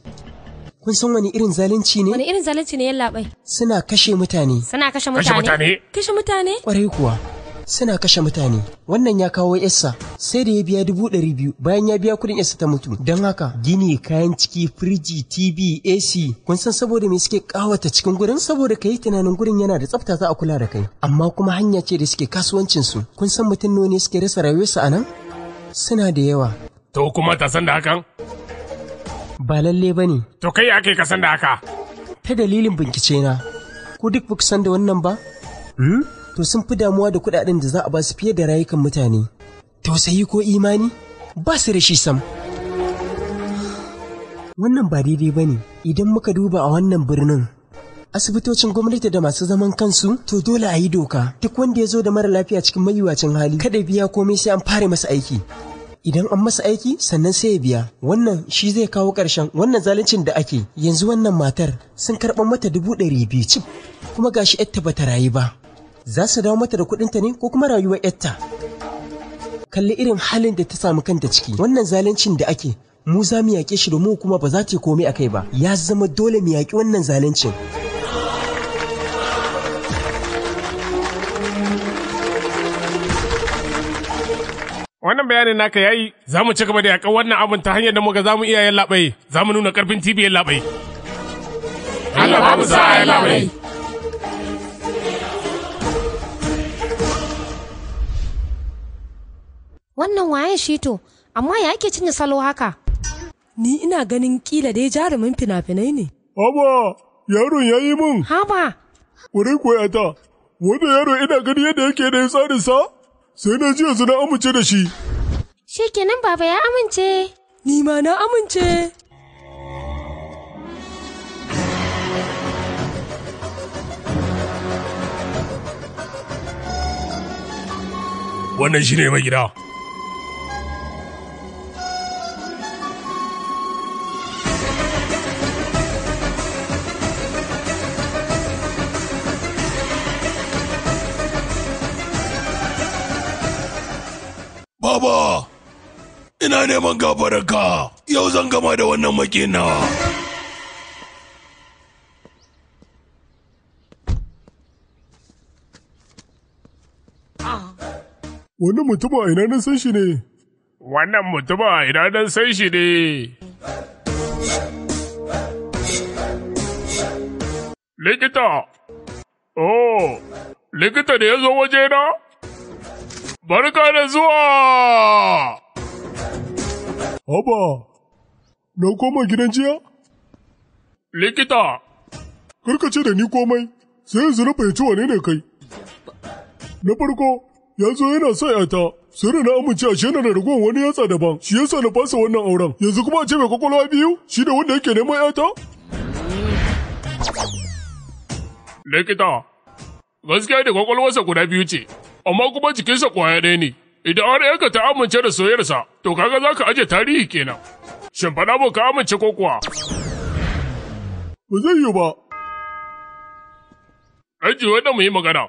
kun san wani irin zalunci ne? Wani irin zalunci ne ya labai? Suna kashe mutane. Suna kashe mutane? Kashe mutane? Kashe mutane? Kwarai kuwa. suna kashe mutane wannan ya kawo yassa sai da ya biya dubu ɗari biyu bayan ya biya kuɗin yasa ta mutu don haka gini kayan ciki firiji tv ac kun san saboda me suke kawata cikin gurin saboda kai tunanin gurin yana da tsafta za a kula da kai amma kuma hanya ce da suke kasuwancin su kun san mutum ne suke rasa rayuwarsa a nan suna da yawa to kuma ta san da hakan ba lalle ba ne to kai ake ka san da haka ta dalilin bincike na ku duk ba san da wannan ba hmm? to sun fi damuwa da kuɗaɗen da za a ba su fiye da rayukan mutane tausayi ko imani ba su da shi sam wannan ba daidai ba ne idan muka duba a wannan birnin asibitocin gwamnati da masu zaman kansu to dole a yi doka duk wanda ya zo da mara lafiya cikin mayuwacin hali kada biya komai sai an fara masa aiki idan an masa aiki sannan sai ya biya wannan shi zai kawo ƙarshen wannan zaluncin da ake yanzu wannan matar sun karɓar mata dubu ɗari biyu cif kuma gashi yadda bata rayu ba za su dawo mata da kuɗinta ne ko kuma rayuwar yatta kalli irin halin da ta samu kanta ciki wannan zaluncin da ake mu za mu yaƙe shi domin kuma ba za ta yi komai a kai ba ya zama dole mu yaƙi wannan zaluncin wannan bayanin naka yayi za mu ci gaba da yaƙar wannan abin ta hanyar da muka za mu iyayen labai za mu nuna ƙarfin tibiyar labai Allah ba mu sa'a labai wannan waye shi to amma ya ake cinye salo haka ni ina ganin kila dai jarumin fina-finai ne haba yaron ya yi min haba wuri koyata wanda yaro ina gani yadda yake da tsarin sa sai na ji yanzu na amince da shi kenan baba ya amince ni ma na amince wannan shi ne mai gida ina neman gafararka yau zan gama da wannan makina wannan mutumin a ina nan san shi ne wannan mutumin a ina nan san shi ne likita oh likita ne ya zo wajena barka da zuwa Haba, na koma gidan jiya? Likita! karka ce da ni komai, sai yanzu na fahimci wane ne kai. Na farko, yanzu yana sa ‘yata, sai da na amince a shena da ragowar wani yatsa daban, shi yasa na fasa wannan auren. Yanzu kuma a ce mai kwakwalwa biyu, shi da wanda yake neman ‘yata? Likita, gaskiya da kwakwalwarsa guda biyu ce, amma kuma jikinsa kwaya ɗaya ne. Idan har yanka ta amince da soyarsa, to kaga za ka aje tarihi kenan. Shin faɗa ka amince ko kuwa? Ba zai yi ba. Aji wanda mu yi magana.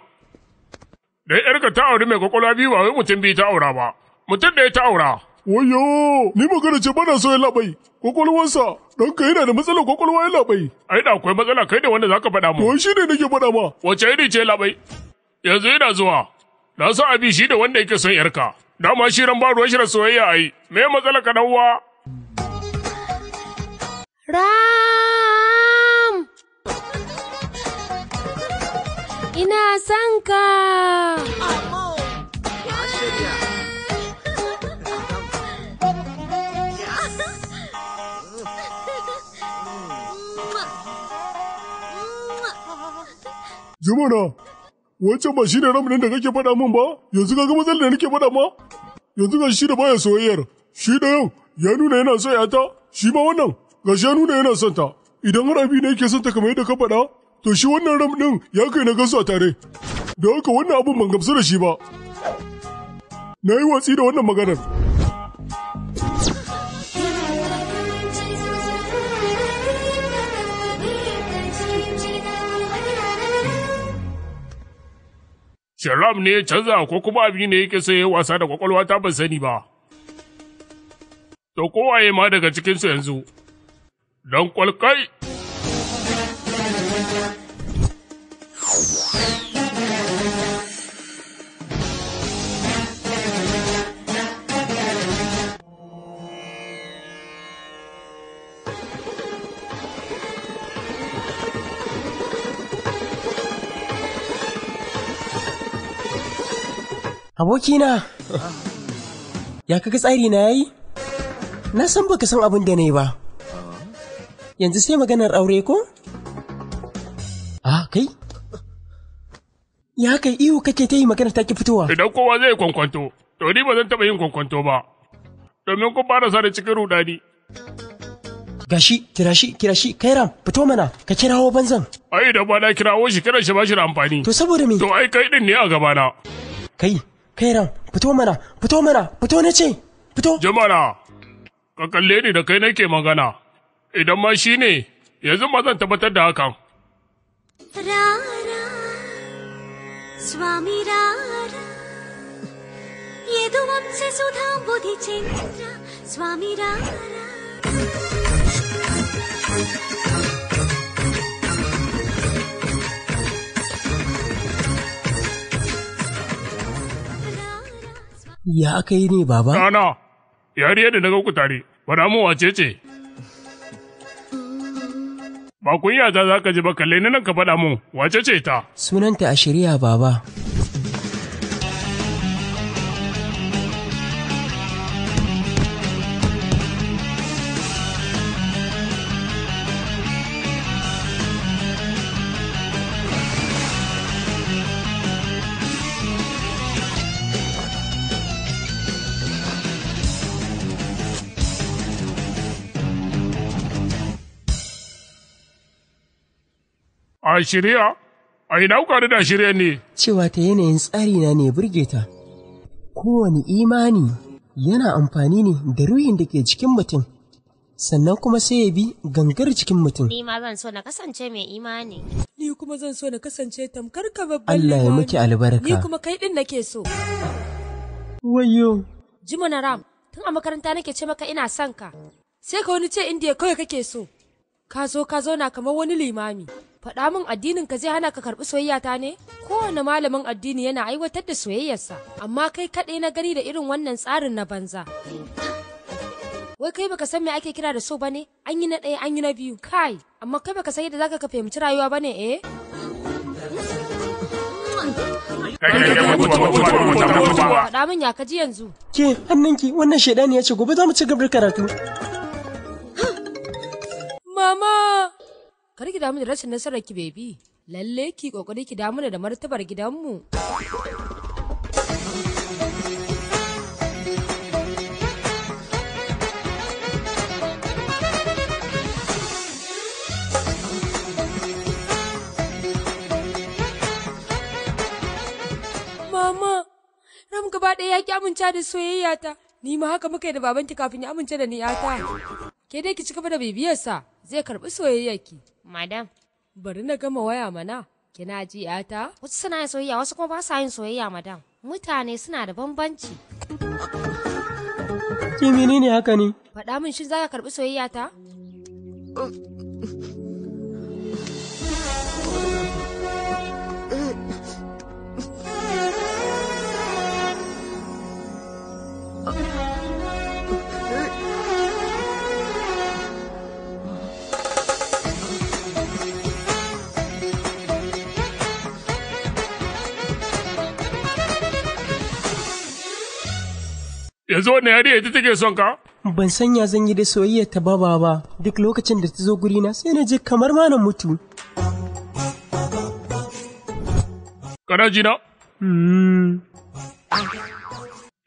Da ka ta auri mai kwakwalwa biyu ba wai mutum biyu ta aura ba, mutum da ya ta aura. Wayo, ni magana ce bana so ya labai, kwakwalwarsa, don ka yana da matsalar kwakwalwa ya labai. Ai da akwai matsala kai da wanda za ka faɗa mu. Wai shi ne nake faɗa ma. Wace iri ce labai? Yanzu yana zuwa. Na san abi shi da wanda yake son yarka dama shi ran ba ruwan shi da soyayya ai me matsala ka dan ram ina son ka Wancan ba shi ne ramin da kake faɗa min ba, yanzu ka ga matsalar da nake faɗa ma? Yanzu ga shi da baya soyayyar, shi da yau ya nuna yana son ta. shi ma wannan ga shi ya nuna yana son ta. Idan har abin da yake son ta kamar yadda ka faɗa, to shi wannan ram din ya kai na gasu a tare. Da haka wannan abin ban gamsu da shi ba. Na yi watsi da wannan maganar. Shiram ne ya canza ko kuma abin ne yake so ya wasa da kwakwalwa ta ban sani ba. To kowaye ma daga cikinsu yanzu, don kwalkai. abokina ya kaga tsari na yayi na san baka san abin da na yi ba yanzu sai maganar aure ko a kai ya kai iyo kake ta yi maganar ki fitowa idan kowa zai kwankwanto to ni ba zan taɓa yin kwankwanto ba domin kun fara sa da cikin rudani gashi kira shi kira shi kai ram fito mana ka kirawo banzan ai da ba na kirawo shi kiran shi ba shi da amfani to saboda me to ai kai din ne a gabana kai Kairan, fito mana, fito mana, fito na ce, fito. Jimana, ka kalle ni da kai nake magana, idan ma shi ne, yanzu ma zan tabbatar da hakan. Rara, Swami Rara, Yeduwamse Sudha Bodhichendra, Swami Rara. Ya aka yi ne, baba? Ana, yariya da na ga ku tare, faɗa mu wace ce? Ba kunya yata za ka ji ba kalle ni nan ka faɗa mu wace ce ta? Sunanta a shirya, baba. A shirya? A ina kuka da shirya ne? Cewa ta yanayin tsari na ne burge ta. Kowane imani yana amfani ne da ruhin da ke cikin mutum. Sannan kuma sai ya bi gangar cikin mutum. Ni ma zan so na kasance mai imani. Ni kuma zan so na kasance tamkar ka babban Allah ya miki albarka. Ni kuma kai din nake so. Wayo. na Ram, tun a makaranta nake ce maka ina son ka. Sai ka wani ce inda kawai kake so. Ka zo ka zauna kamar wani limami. faɗa min addinin ka zai hana ka karɓi soyayya ta ne? Kowane malamin addini yana aiwatar da soyayyarsa, amma kai kaɗai na gani da irin wannan tsarin na banza. Wai kai baka san me ake kira da so bane? An yi na ɗaya an yi na biyu. Kai, amma kai baka san yadda zaka ka fahimci rayuwa bane eh? Faɗa min ya kaji yanzu. Ke, hannunki wannan shaidani ya ce gobe za mu ci gabar karatu. Mama! kar ki damu da rashin nasarar ki bebi lalle ki kokari ki damu da martabar gidanmu Mama, ram gaba ɗaya ya ki amince da soyayyata. Ni ma haka muka yi da babanki kafin ya amince da ni yata. Ke dai ki ci gaba da bibiyarsa zai karɓi soyayyaki. Madam. Bari na gama waya mana, kina ji ta? Wasu suna yin soyayya, wasu kuma ba sa yin soyayya, madam. Mutane suna da bambanci. Ki ne haka ne? Faɗa min shin za ka karɓi soyayya ta? Oh. Yanzu ya yariya ita take son ka? Ban sanya zan yi da soyayya ta baba ba, duk lokacin da ta zo gurina sai na je kamar ma na mutu. Kana jina? Hmm.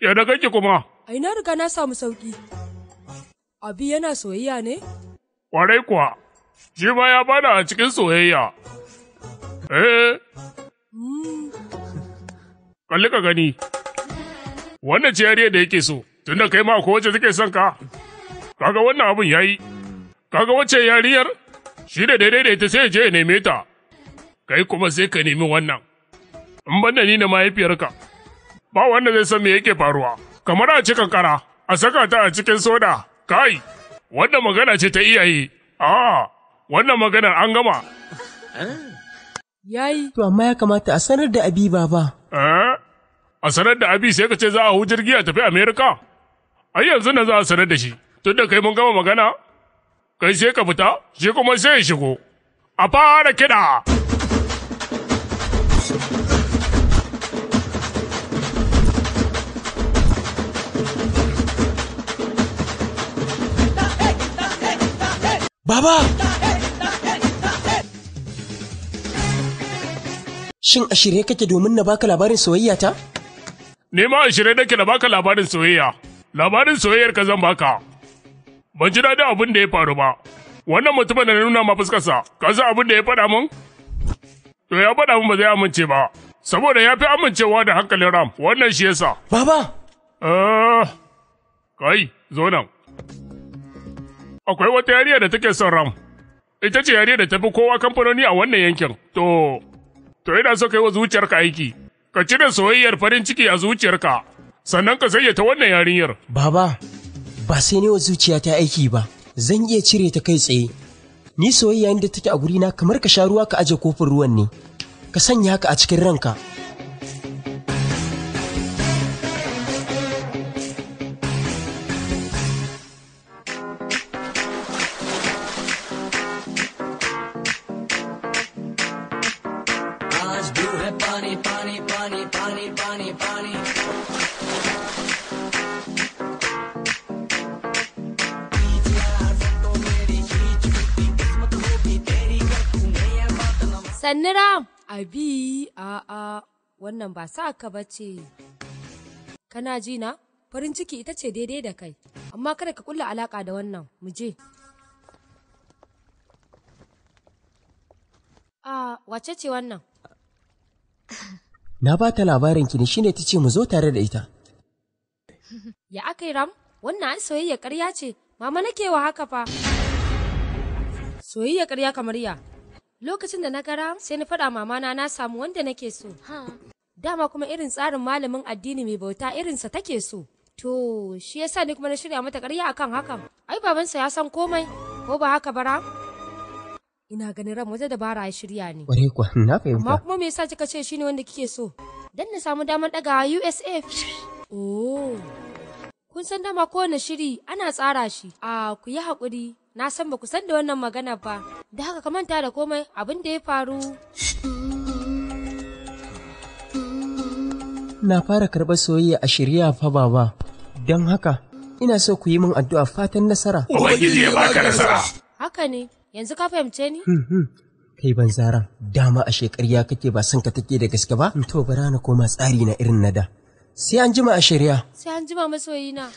Ya da kake kuma? Ai na riga na samu sauki. Abi yana soyayya ne? Kwarai kuwa, shi ma ya bada a cikin soyayya. Eh. Hmm. Kalli ka gani. wannan ce yariya da yake so tunda kai ma ko wacce take son ka kaga wannan abin yi, kaga wacce yariyar shi da daidai da ita sai je ya neme ta kai kuma sai ka nemi wannan in banda ni na mahaifiyarka ba wanda zai san me yake faruwa kamar a ci kara a saka ta a cikin soda kai wannan magana ce ta iyaye a wannan maganar an gama yayi to amma ya kamata a sanar da abi baba eh a sanar da abi sai ka ce za a hu jirgi a tafi Amerika? Ai yanzu na za a sanar da shi, tun kai mun gama magana, kai sai ka fita, shi kuma sai ya shigo. A fara kiɗa! Baba! Shin a shirye kake domin na baka labarin soyayya ta? Nema a shirye nake da baka labarin soyayya, labarin soyayyar ka zan baka. Ban ji daɗin abin da ya faru ba, wannan mutumin da na nuna ma fuskarsa, ka san abin da ya faɗa min? To ya faɗa min ba zai amince ba, saboda ya fi amincewa da hankalin Ram, wannan shi yasa. Baba! Eh, kai, zo nan. Akwai wata yariya da take son Ram, ita ce yariya da tafi kowa kamfanoni a wannan yankin, to, to ina so kai wa zuciyarka aiki. ka cire soyayyar farin ciki a zuciyarka sannan ka zayyata wannan yarinyar. Baba, ba sai ne wa zuciya ta aiki ba, zan iya cire ta kai tsaye. Ni soyayya inda take a gurina kamar ka sha ruwa ka aje kofin ruwan ne, ka sanya haka a cikin ranka. Abi, a'a, wannan ba sa ka bace. Kana ji na? Farin ciki ita ce daidai da kai, amma kada ka kulla alaka da wannan, mu je. A, wace ce wannan? Na ba ta labarin ki ne shine ta ce mu zo tare da ita. Ya aka ram, wannan an soyayya ƙarya ce, mama nake wa haka fa. Soyayya ƙarya kamar ya. Lokacin da na gara sai na faɗa mamana na samu wanda nake so. Dama kuma irin tsarin malamin addini mai bauta irinsa take so. To, shi yasa ni kuma na shirya mata ƙarya kan hakan. Ai babansa ya san komai, ko ba haka bara? Ina ganin ran waje dabara ya shirya ne. Ƙwarai kuwa, na fahimta. Amma kuma me yasa kika ce shine wanda kike so? Dan na samu damar ɗaga USA. Oh. Kun san dama kowane shiri ana tsara shi. A ah, ku yi haƙuri, na san ba ku san da wannan magana ba, da haka ka manta da komai abin da ya faru. Na fara karɓar soyayya a shirya fa baba, don haka ina so ku yi min addu'a fatan nasara. Ubangiji ya baka nasara. Haka ne, yanzu ka fahimce ni? Hmm, hmm. Kai ban zara, dama a shekarya kake ba son ka take da gaske ba? To bara na koma tsari na irin na da. Sai an jima a shirya. Sai an jima masoyina.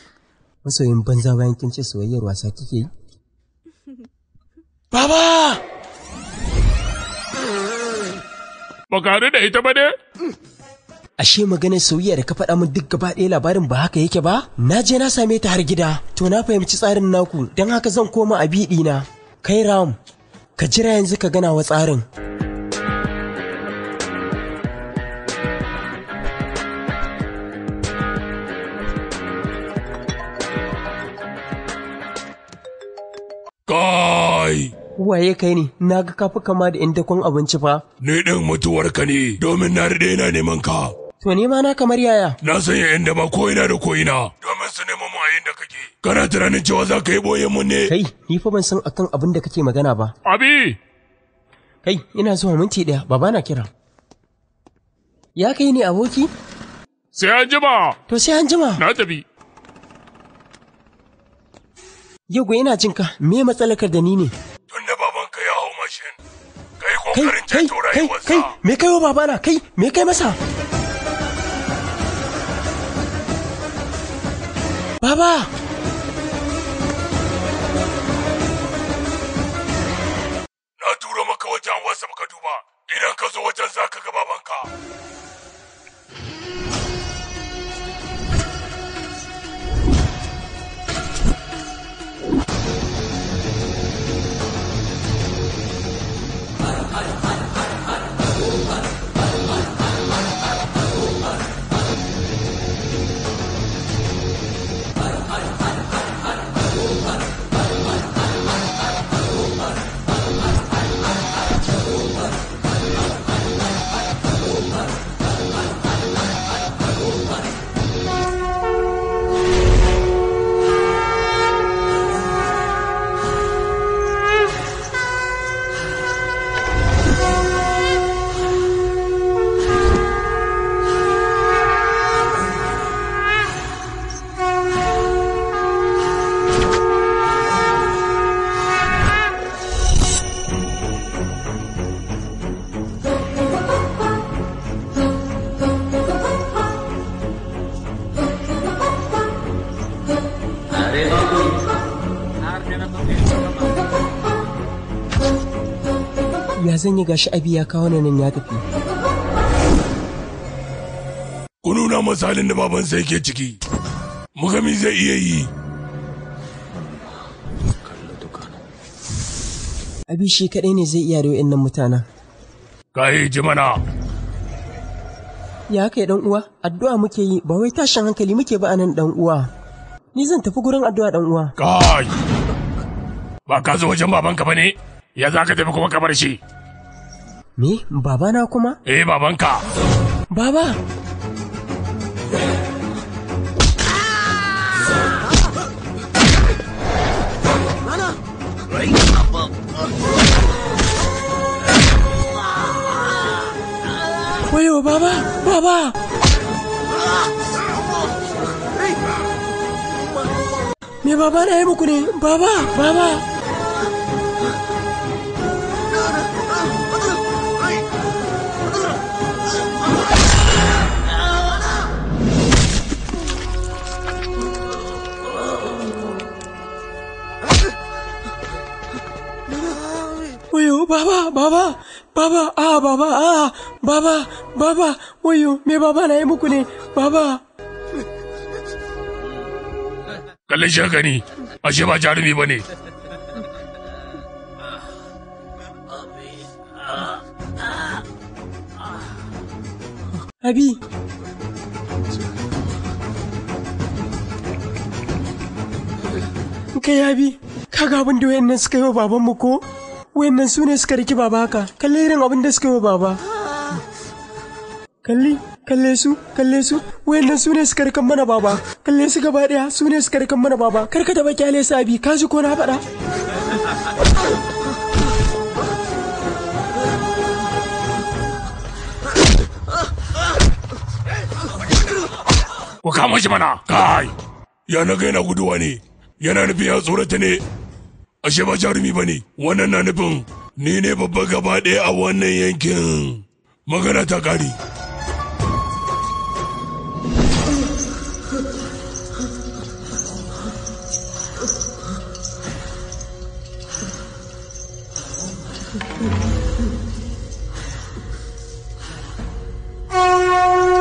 Masoyin banza bayan kin ce soyayyar wasa kike yi? Baba! Ba da ita ba ne? Ashe maganar sauyiya da ka faɗa min duk gaba ɗaya labarin ba haka yake ba? Na je na same ta har gida, to na fahimci tsarin naku, don haka zan koma a na. Kai Ram, ka jira yanzu ka gana wa tsarin. waye kai ne na ga ka fi kama da yan dakon abinci fa. Ni ɗin ka ne domin na daɗe yana neman ka. To ni ma na kamar yaya. Na sanya inda da ko ko'ina da ko'ina domin su nemi mu a inda kake. Kana tunanin cewa za ka yi boye mu ne. Kai ni fa ban san akan abin da kake magana ba. Abi. Kai ina zuwa minti ɗaya baba na kira. Ya kai ne aboki? Sai an jima. To sai an jima. Na tafi. Yau ina jinka, me matsalakar da ni ne? kai kai kai me kai wa babana kai me kai masa baba na tura maka wajen wasa ka duba idan ka zo wajen zaka ga babanka ya zan yi gashi abi ya kawo nan ya tafi ku nuna masa halin da babansa yake ciki mugami zai iya yi abi shi kadai ne zai iya da wayannan mutanen kai mana. ya kai dan uwa addu'a muke yi ba wai tashin hankali muke ba anan dan uwa ni zan tafi gurin addu'a dan uwa kai ba ka zo wajen babanka bane ya za ka tafi kuma kamar shi Me? Babana kuma? Eh, babanka. Baba! Wayo, baba! Baba! Me baba na yi muku ne? Baba! Baba! baba baba baba ah baba ah baba baba wayo me baba na yi muku ne baba kallon shi haka ne ashe ba jarumi ba ne Abi. Kai Abi, kaga abin da wayannan suka yi wa babanmu ko? wayannan su ne suka riki baba haka kalle irin abin da suka yi wa baba kalli kalle su kalle su wayannan su ne suka rikan mana baba kalle su gaba daya su ne suka rikan mana baba kar ka taba kyale su abi ka ji ko na faɗa Ku kamo shi mana! Kai! Ya gaina guduwa ne, yana nufin ya tsorata ne, ashe ba jarumi ba ne wannan na nufin ni ne babba gaba ɗaya a wannan yankin magana ta ƙari Oh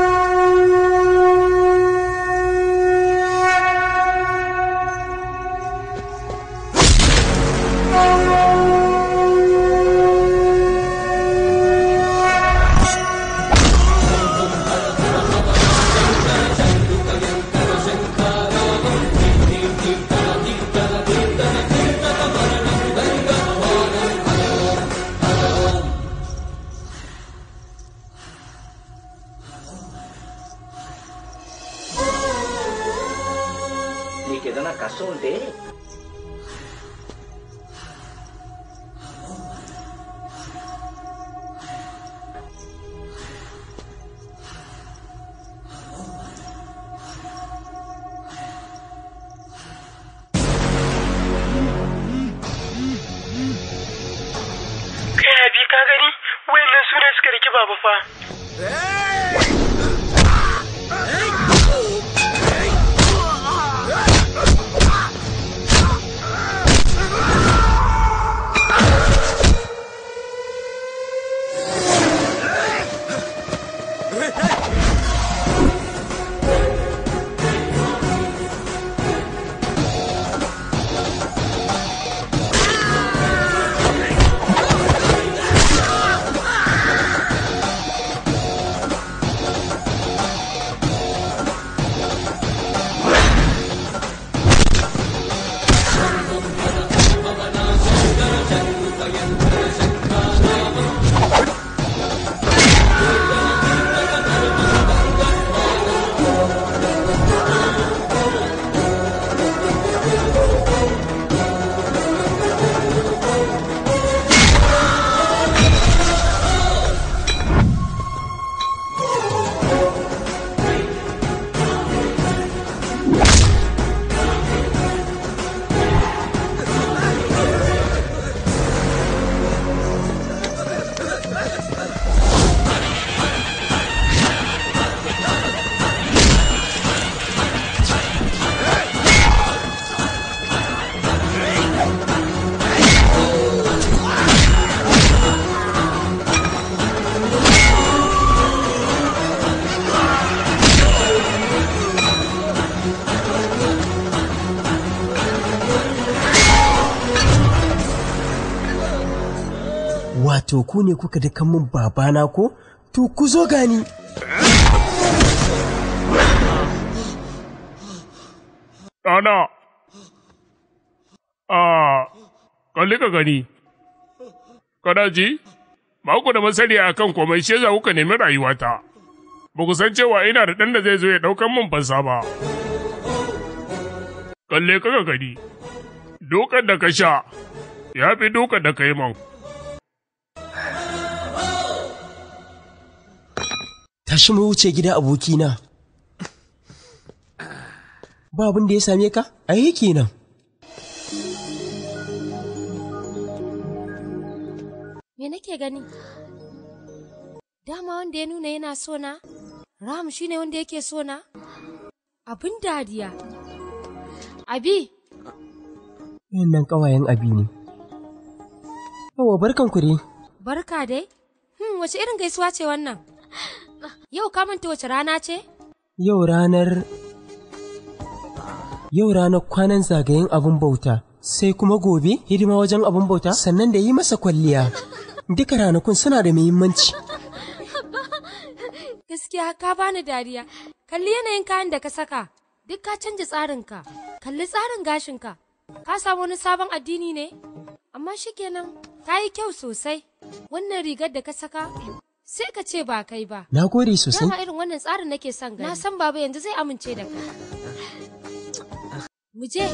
ku ne kuka da min babana ko to ku zo gani ɗana a kalli ka gani kada ji ba ku da masani a kan komai shi za kuka nemi rayuwata ba ku san cewa ina da ɗan da zai zo ya ɗaukan min fansa ba kalle ka gani dukan da ka sha ya fi dokan da ka yi man tashi mu wuce gida abokina ba abin da ya same ka a yi kenan me nake gani dama wanda ya nuna yana sona ram ne wanda yake sona abin dariya abi nan kawayen abi ne yawa barkan ku dai barka dai hmm wace irin gaisuwa ce wannan Yau ka manta wace rana ce? Yau ranar Yau ranar kwanan zagayen abin bauta, sai kuma gobe hidima wajen abin bauta sannan da yi masa kwalliya. Duka ranakun suna da muhimmanci. Gaskiya ka bani dariya, kalli yanayin kayan da ka saka, duk ka canja tsarinka, kalli tsarin gashinka, ka samu wani sabon addini ne? Amma shikenan, ta yi kyau sosai, wannan rigar da ka saka sai ka ce ba kai ba. Na gode sosai. Dama irin wannan tsarin nake son gani. Na san baba yanzu zai amince da kai. Mu je.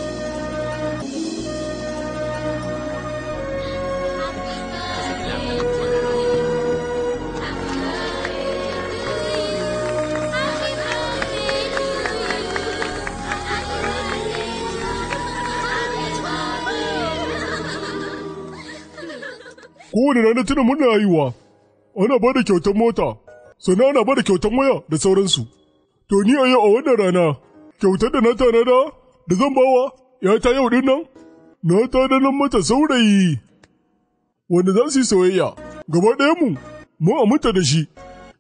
Kowane rana tuna muna yi wa. ana ba da kyautar mota, sannan ana ba da kyautar waya da sauransu. To ni a yau a wannan rana, kyautar da na tanada da zan bawa ‘yata yau din nan, na tanadar mata saurayi, wanda za su yi soyayya, gaba ɗaya mu, mu aminta da shi,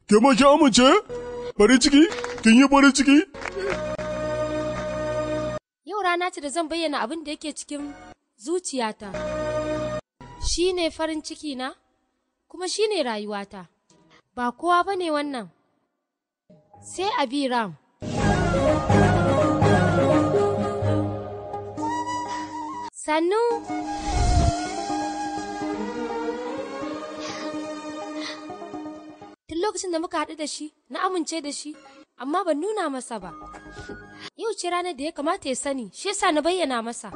ke ma ki amince? Farin ciki, kin yi farin ciki? Yau rana ce da zan bayyana abin da yake cikin zuciyata. Shi ne farin ciki na? kuma shi ne rayuwata, ba kowa ba ne wannan, sai Abiram. Sannu? Tun lokacin da muka haɗu da shi, na amince da shi, amma ban nuna masa ba. Yau ce ranar da ya kamata ya sani, shi yasa na bayyana masa.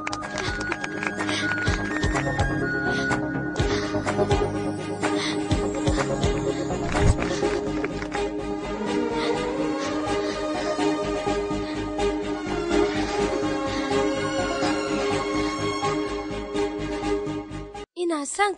ina son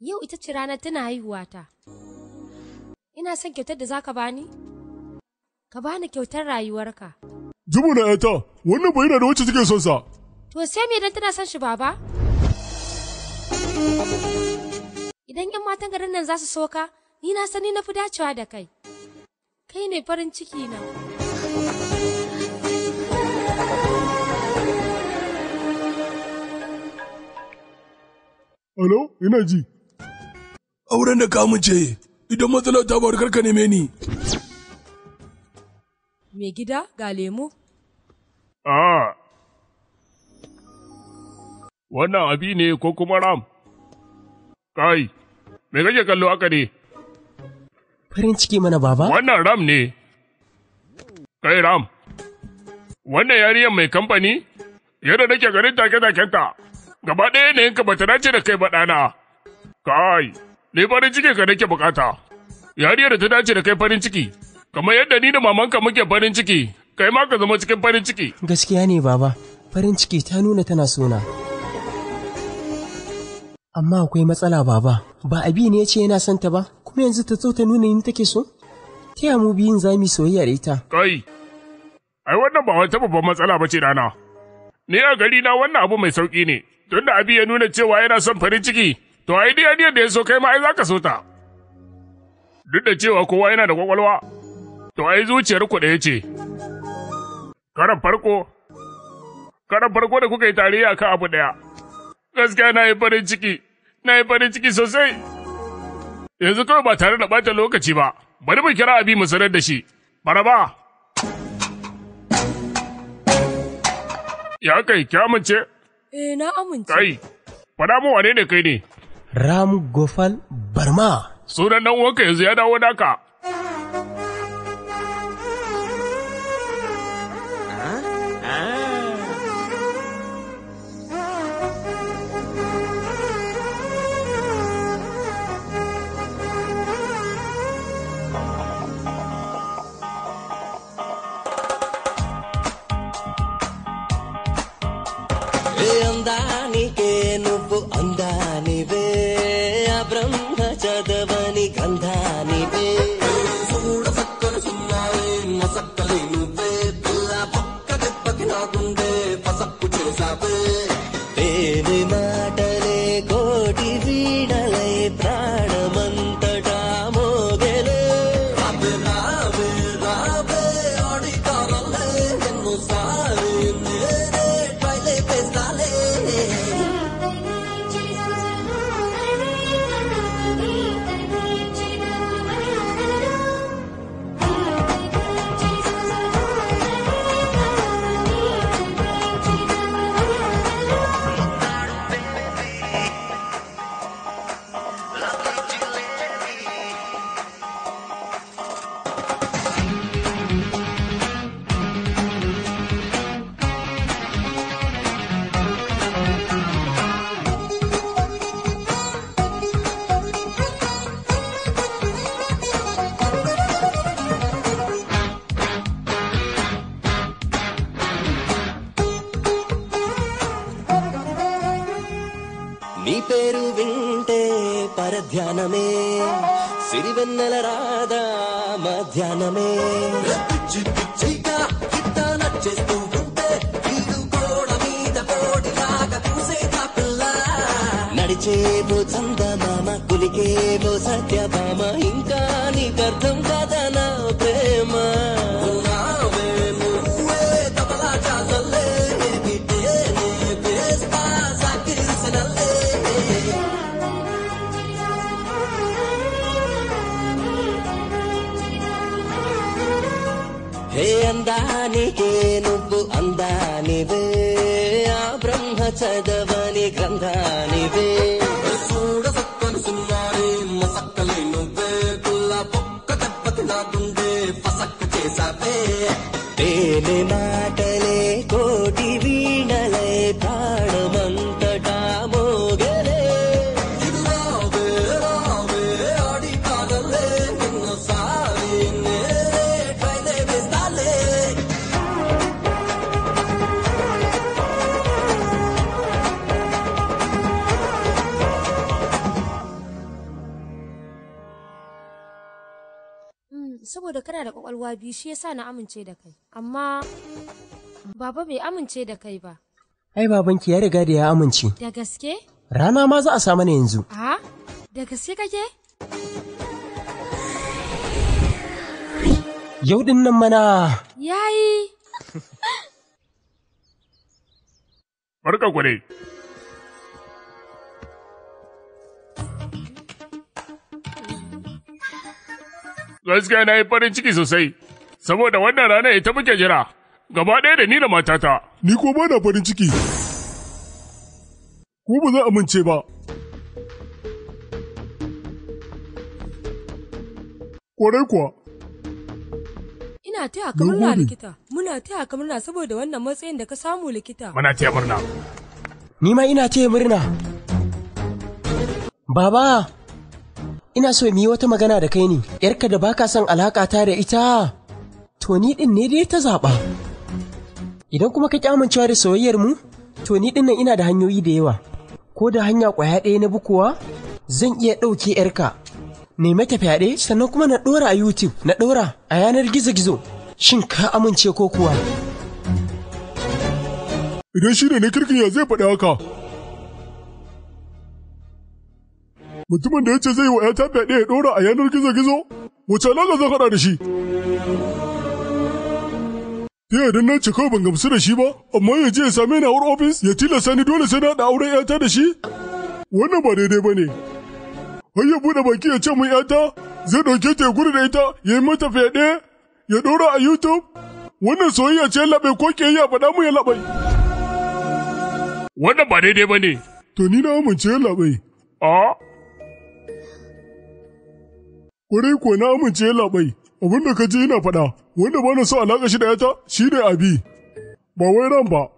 Yau ita ce ranar tana haihuwata. Ina son kyautar da za ka bani? Ka bani kyautar rayuwarka. na ‘yata, wannan bai da wacce suke son sa. To sai me dan tana son shi baba? idan 'yan matan garin nan za su ka, ni na sani na fi dacewa da kai kai ne farin ciki na Alo, ina ji. Auren da kamun ce, idan matsala ta faru karka neme ni. Me gida ga lemu? A. Wannan abi ne ko kuma ram? Kai, Me kake kallo aka ne? Farin ciki mana baba? Wannan Ram ne. Kai Ram. Wannan yariyan mai kamfani? Yadda nake ganin take take ta. Gaba ɗaya ne yanka bata dace da kai ba ɗana. Kai, ni farin ciki ka nake bukata. Yariyar da ta dace da kai farin ciki. Kamar yadda ni da mamanka muke farin ciki, kai ma ka zama cikin farin ciki. Gaskiya ne baba, farin ciki ta nuna tana sona. Amma akwai matsala baba, ba abi ne ya ce yana son ta ba, kuma yanzu ta zo ta nuna ni take so? Ta mu biyun za mu soyayya da ita. Kai, ai wannan ba wata babban matsala ba ce dana. Ni a gari na wannan abu mai sauki ne, don da abi ya nuna cewa yana son farin ciki, to ai dai da ya so kai ma ai za so ta. Duk da cewa kowa yana da kwakwalwa, to ai zuciyar ku ɗaya ce. Karan farko, karan farko da kuka yi tarayya kan abu ɗaya. Gaskiya na yi farin ciki, na yi farin ciki sosai. Yanzu kawai ba tare da ɓata lokaci ba, bari mu kira abi mu sanar da shi. ba? Ya kai, ki amince? Eh, na amince. Kai, faɗa mu wane ne kai ne? Ram Gofal Barma. Sunan ɗan uwanka yanzu ya dawo naka. biyu shi yasa na amince da kai amma baba bai amince da kai ba ai babanki ya riga da ya amince da gaske rana ma za a sa mana yanzu a da gaske kake yau din nan mana yayi barka ku gaskiya na yi farin ciki sosai saboda wannan rana ita muke jira, gaba ɗaya da ni da matata. Ni ko ba na farin ciki. Ko ba za amince ba. Kwarai kuwa. Ina taya ka murna likita, muna taya ka murna saboda wannan matsayin da ka samu likita. Muna taya murna. Ni ma ina taya murna. Baba, ina so mu yi wata magana da kai ne, ‘yarka da baka son alaƙa ta da ita. to ni ɗin ne dai ta zaɓa. Idan kuma ka ƙi amincewa da soyayyar mu, to ni ɗin nan ina da hanyoyi da yawa. Ko da hanya ƙwaya ɗaya na bukuwa, zan iya ɗauke ‘yarka. Ne fyaɗe sannan kuma na ɗora a YouTube, na ɗora a yanar gizo-gizo. Shin ka amince ko kuwa? Idan shi ne na kirkin ya zai faɗi haka. Mutumin da ya ce zai yi wa ‘yata fyaɗe ya ɗora a yanar gizo-gizo? Wace alaƙa zan haɗa da shi? Ya dan na cika ban gamsu da shi ba, amma ya je ya same ni a wurin ofis ya tilasta ni dole sai na da auren ƴata da shi? Wannan ba daidai ba ne. Har ya buɗe baki ya ce mun ƴata, zai ɗauke ta ya gudu da ita, ya yi mata fyaɗe, ya ɗora a YouTube. Wannan soyayya ce laɓe ko ke a faɗa mu ya laɓai. Wannan ba daidai ba ne. To ni na amince ya laɓe. A? Kwarai kuwa na amince ya laɓe. abin da ka ji ina faɗa wanda ba na so alaƙa shi da yata shi ne abi ba wai ran ba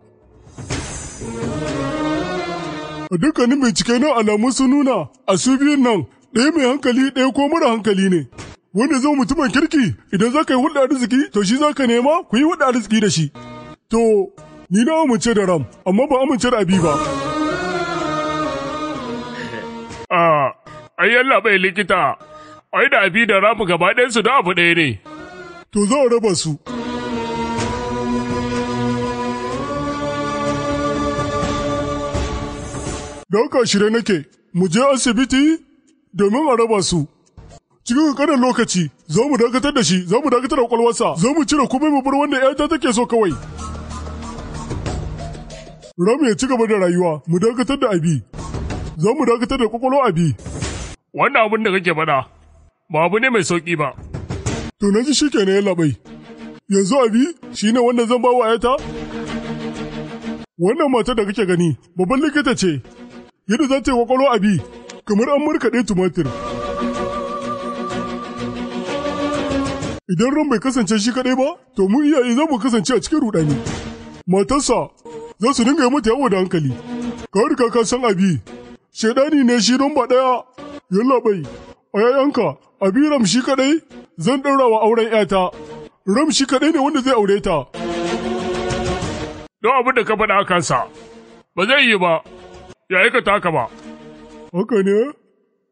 a dukkanin bincike na alamu su nuna a su biyun nan ɗaya mai hankali ɗaya ko mara hankali ne wanda zai mutumin kirki idan za ka yi hulɗa arziki to shi za ka nema ku yi hulɗa arziki da shi to ni na amince da ram amma ba amince da abi ba a ah, ayyalla bai likita ai da abi da ramu gaba ɗayansu da abu ɗaya ne. To za a raba su. Dauka shire nake, mu je asibiti domin a raba su. Cikin ƙanan lokaci, za mu dakatar da shi, za mu dakatar da ƙwalwarsa, za mu cire kuma mu bar wanda ‘yata take so kawai. Ramu ya ci gaba da rayuwa, mu dakatar da abi. Za mu dakatar da ƙwaƙwalwa, abi. Wannan abin da kake faɗa. ba abu ne mai sauƙi ba. To na ji shi ke ya labai, yanzu abi shi ne wanda zan ba wa yata? Wannan matar da kake gani babban likita ce, yadda za ta yi kwakwalo abi, kamar an markaɗe tumatir. Idan ran bai kasance shi kaɗai ba, to mu iyaye za mu kasance a cikin ruɗani. Matarsa za su dinga yi mata yawo da hankali. Ka ka san abi, shaidani ne shi don ba ɗaya, yallaɓai, a 'ya'yanka abi ramshi kaɗai zan ɗaura wa auren ‘yata, Ram shi kaɗai ne wanda zai aure ta. Don abin da ka faɗa a kansa, ba zai yi ba, ya ka haka ba. Haka ne,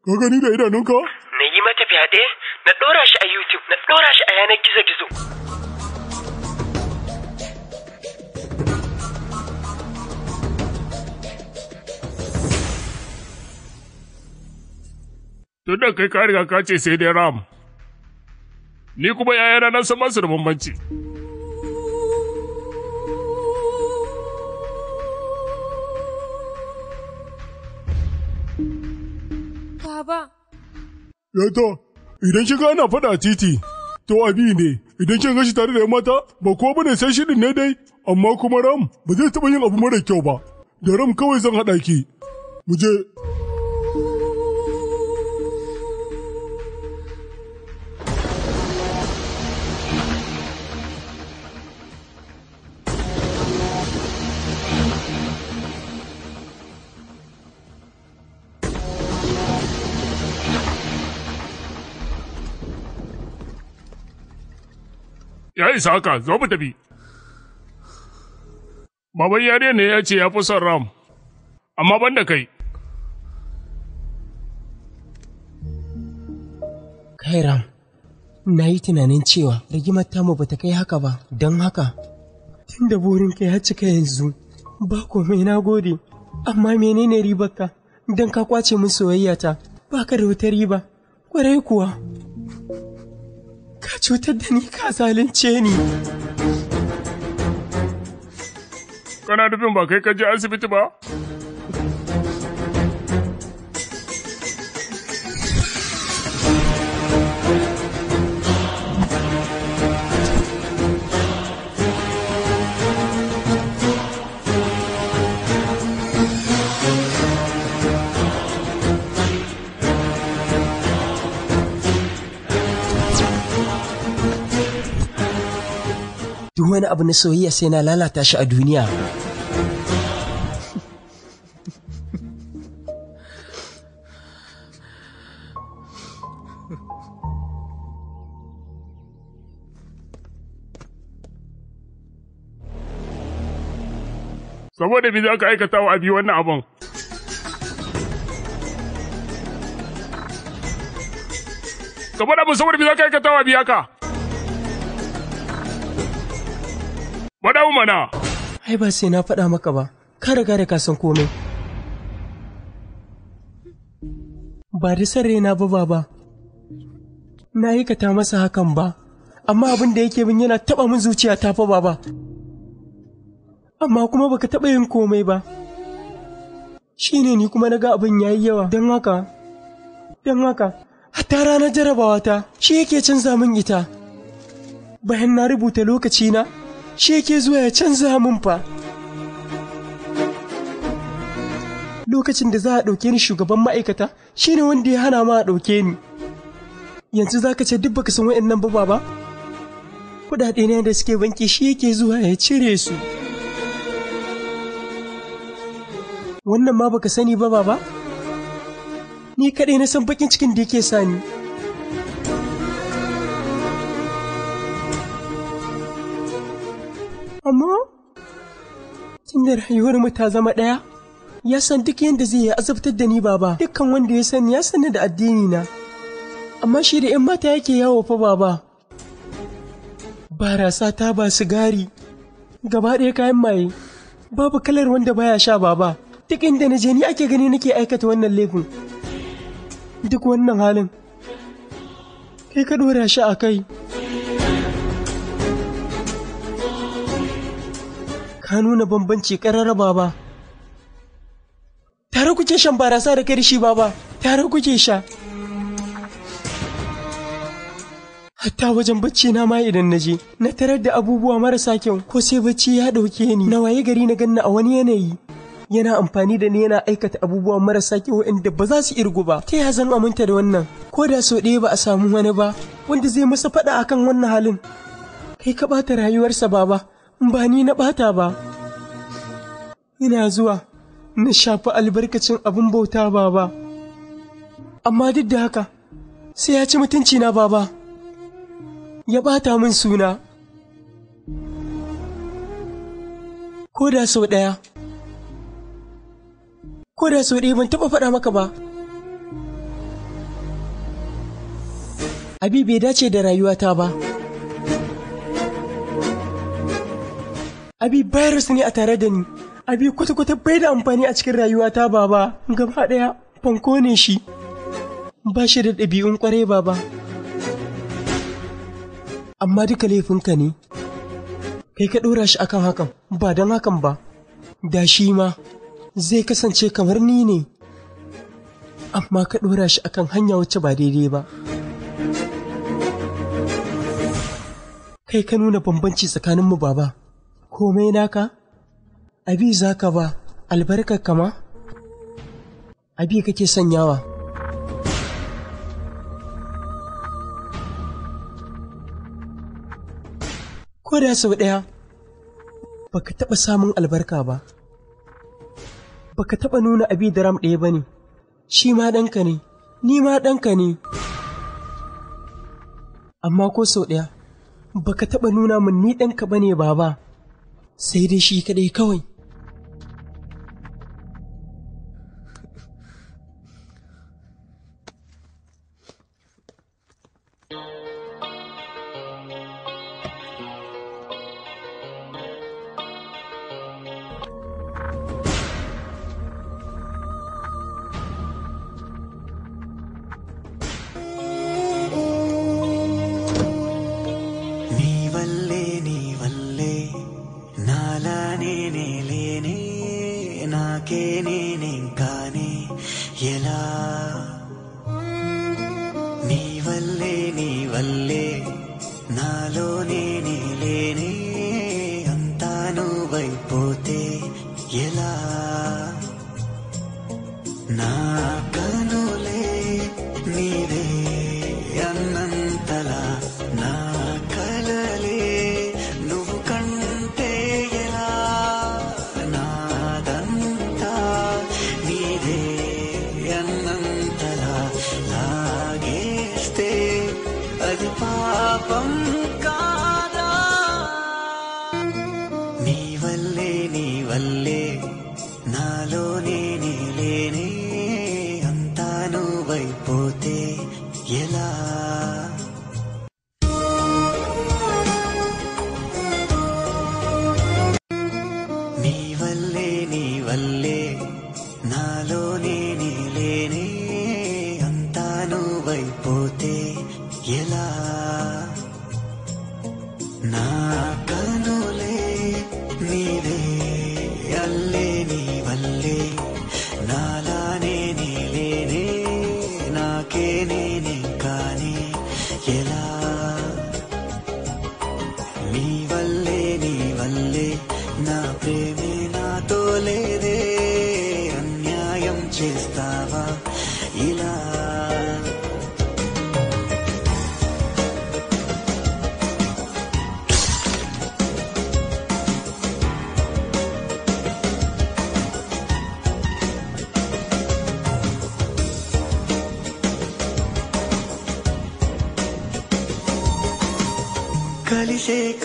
ka gani da idanunka? Na yi mata fyaɗe, na ɗora shi a YouTube, na ɗora shi a yanar gizo-gizo. tun da kai ka riga ka ce sai dai ram ni kuma ya'ya na san masu da bambanci Baba. Yato, idan shi ana faɗa titi, to abi ne, idan kin gashi tare da yan mata, ba ko bane sai shirin ne dai, amma kuma ram ba zai taɓa yin abu mara kyau ba, da ram kawai zan haɗa ki. Mu sa haka zo mu tafi. Baban yare ne ya ce ya fi son ram, amma ban da kai. Kai ram, na yi tunanin cewa rigimar tamu ba ta kai haka ba, don haka. Tun da burinka ya cika yanzu, ba komai na gode, amma menene ribarka don ka kwace min soyayyata, ba ka da wata riba, kwarai kuwa. Ka cutar da ni ka zalunce ni. Kana nufin ba kai ka je asibiti ba? duk wani abu na soyayya sai na lalata shi a duniya saboda mi za ka aikata wa abi wannan abun saboda abu saboda mi za ka aikata wa abi haka faɗa mana. Ai ba sai na faɗa maka ba, ka riga da ka san komai. Ba da san raina ba baba, na yi ta masa hakan ba, amma abin da yake min yana taɓa min zuciya ta fa baba. Amma kuma baka taɓa yin komai ba. Shi ne ni kuma na ga abin ya yi yawa don haka, don haka, hatta ranar jarabawa ta shi yake canza min ita. Bayan na rubuta lokaci na, shi yake zuwa ya canza min fa lokacin da za a ɗauke ni shugaban ma'aikata shi ne wanda ya hana ma a ɗauke ni yanzu za ka ce duk baka san nan ba ba kuɗaɗe ne da suke banki shi yake zuwa ya cire su wannan ma baka sani ba ba ni kaɗai na san bakin cikin da yake sani. Amma, tun da rayuwar mu ta zama ɗaya, ya san duk yadda zai yi azabtar da ni baba, dukkan wanda ya sani ya sani da addini na. Amma shi da ‘yan mata yake yawo fa baba. Barasa ta ba sigari, gaba ɗaya kayan maye, babu kalar wanda baya sha baba. Duk inda na je ni ake gani nake aikata wannan laifin. Duk wannan halin, kai ka ɗora shi a kai. ka nuna bambanci ƙararraba ba tare kuke shan barasa da karshi ba ba, tare kuke sha hatta wajen bacci na ma idan na je na tarar da abubuwa marasa kyau ko sai bacci ya ɗauke ni na waye gari na ganna a wani yanayi yana amfani da ni yana aikata abubuwa marasa kyau waɗanda ba za su irgu ba ta ya zan aminta da wannan ko da sau ɗaya ba a samu wani ba wanda zai masa faɗa akan wannan halin kai ka ɓata rayuwarsa baba ba ni na ɓata ba. Ina zuwa, na shafi albarkacin abin bauta baba. Amma duk da haka, sai ya ci mutunci na baba. Ya ɓata min suna. Ko da sau ɗaya. Ko da sau ɗaya ban taɓa faɗa maka ba. Abi bai dace da rayuwata ba. Abi virus ne a tare da ni. Abi kwata-kwata bai da amfani a cikin rayuwata baba. Gaba ɗaya fanko ne shi. Ba shi da ɗabi'un ƙwarai baba. Amma duka laifinka ne. Kai ka ɗora shi akan hakan, ba don hakan ba. Da shi ma zai kasance kamar ni ne. Amma ka ɗora shi akan hanya wacce ba daidai ba. kai ka nuna bambanci tsakaninmu baba komai naka? Abi za ka ba albarkar kama? Abi kake sanyawa. Ko da sau ɗaya, ba ka taɓa samun albarka ba. Ba ka taɓa nuna abi da ram ɗaya ba ne, shi ma ɗanka ne, ni ma ɗanka ne. Amma ko sau ɗaya, ba ka taɓa nuna min ni ɗanka ba ne baba. sai dai shi kaɗai kawai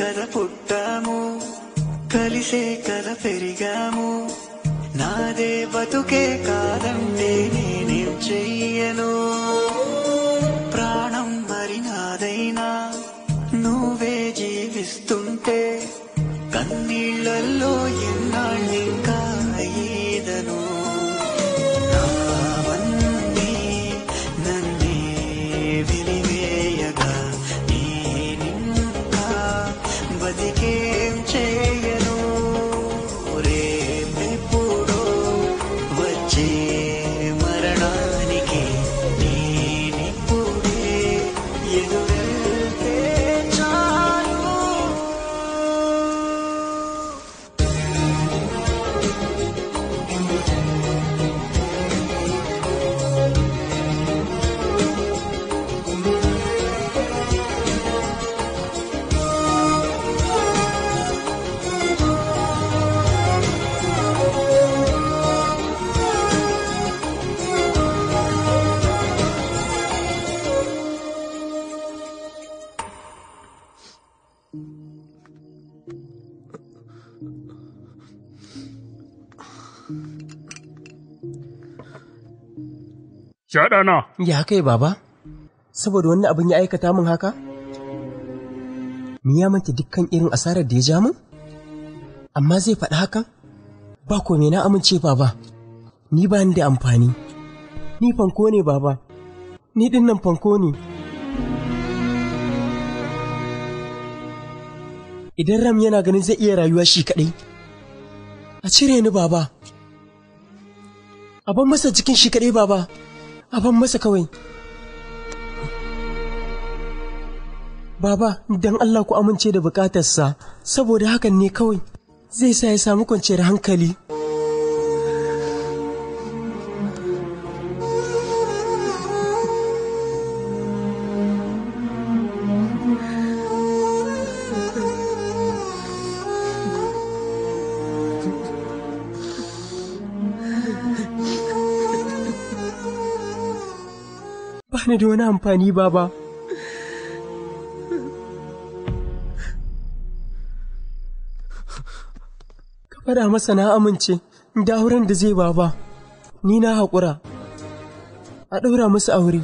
కల పుట్టాము కలిసే కల పెరిగాము నాదే బతుకే Shaɗa na. Ya haka yi baba, saboda wani abin ya aikata min haka? Ni ya manta dukkan irin asarar da ya ja min? Amma zai faɗi haka Ba kome na amince baba, ni ba ni da amfani. Ni fanko ne baba, ni ɗin nan fanko ne. Idan Ram yana ganin zai iya rayuwa shi kaɗai, a cire ni baba a ban masa jikin shi kaɗai baba a masa kawai baba don Allah ku amince da bukatarsa saboda hakan ne kawai zai sa ya samu kwanciyar hankali da wani amfani ba ba. Ka faɗa masa na amince, da auren da zai ba ba. ni na haƙura, a ɗaura musu aure.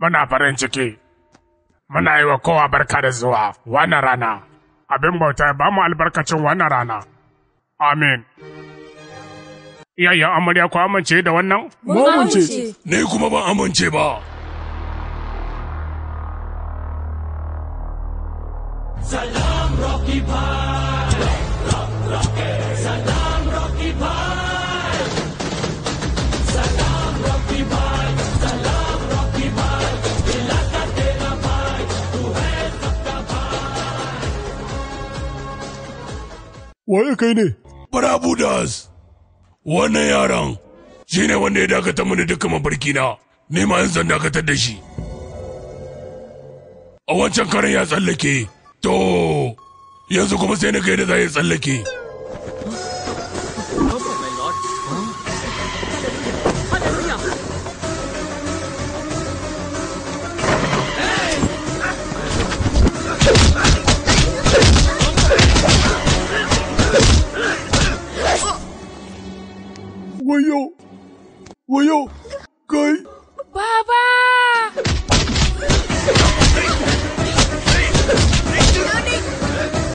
Muna farin ciki, muna yi wa kowa barka da zuwa wannan rana. abin bauta ya ba mu albarkacin wannan rana. Amin. Iyayen amarya ku amince da wannan? Mu amince. Ne kuma ban amince ba. Salam Rocky Park. Rock, Rock, rock, rock, waye kai ne? Budas, wannan yaron shi ne wanda ya dakata mini duka na, ne ma yin zan dakatar da shi. A wancan karen ya tsallake, to, yanzu kuma sai na kai da za ya tsallake. 我要给爸爸。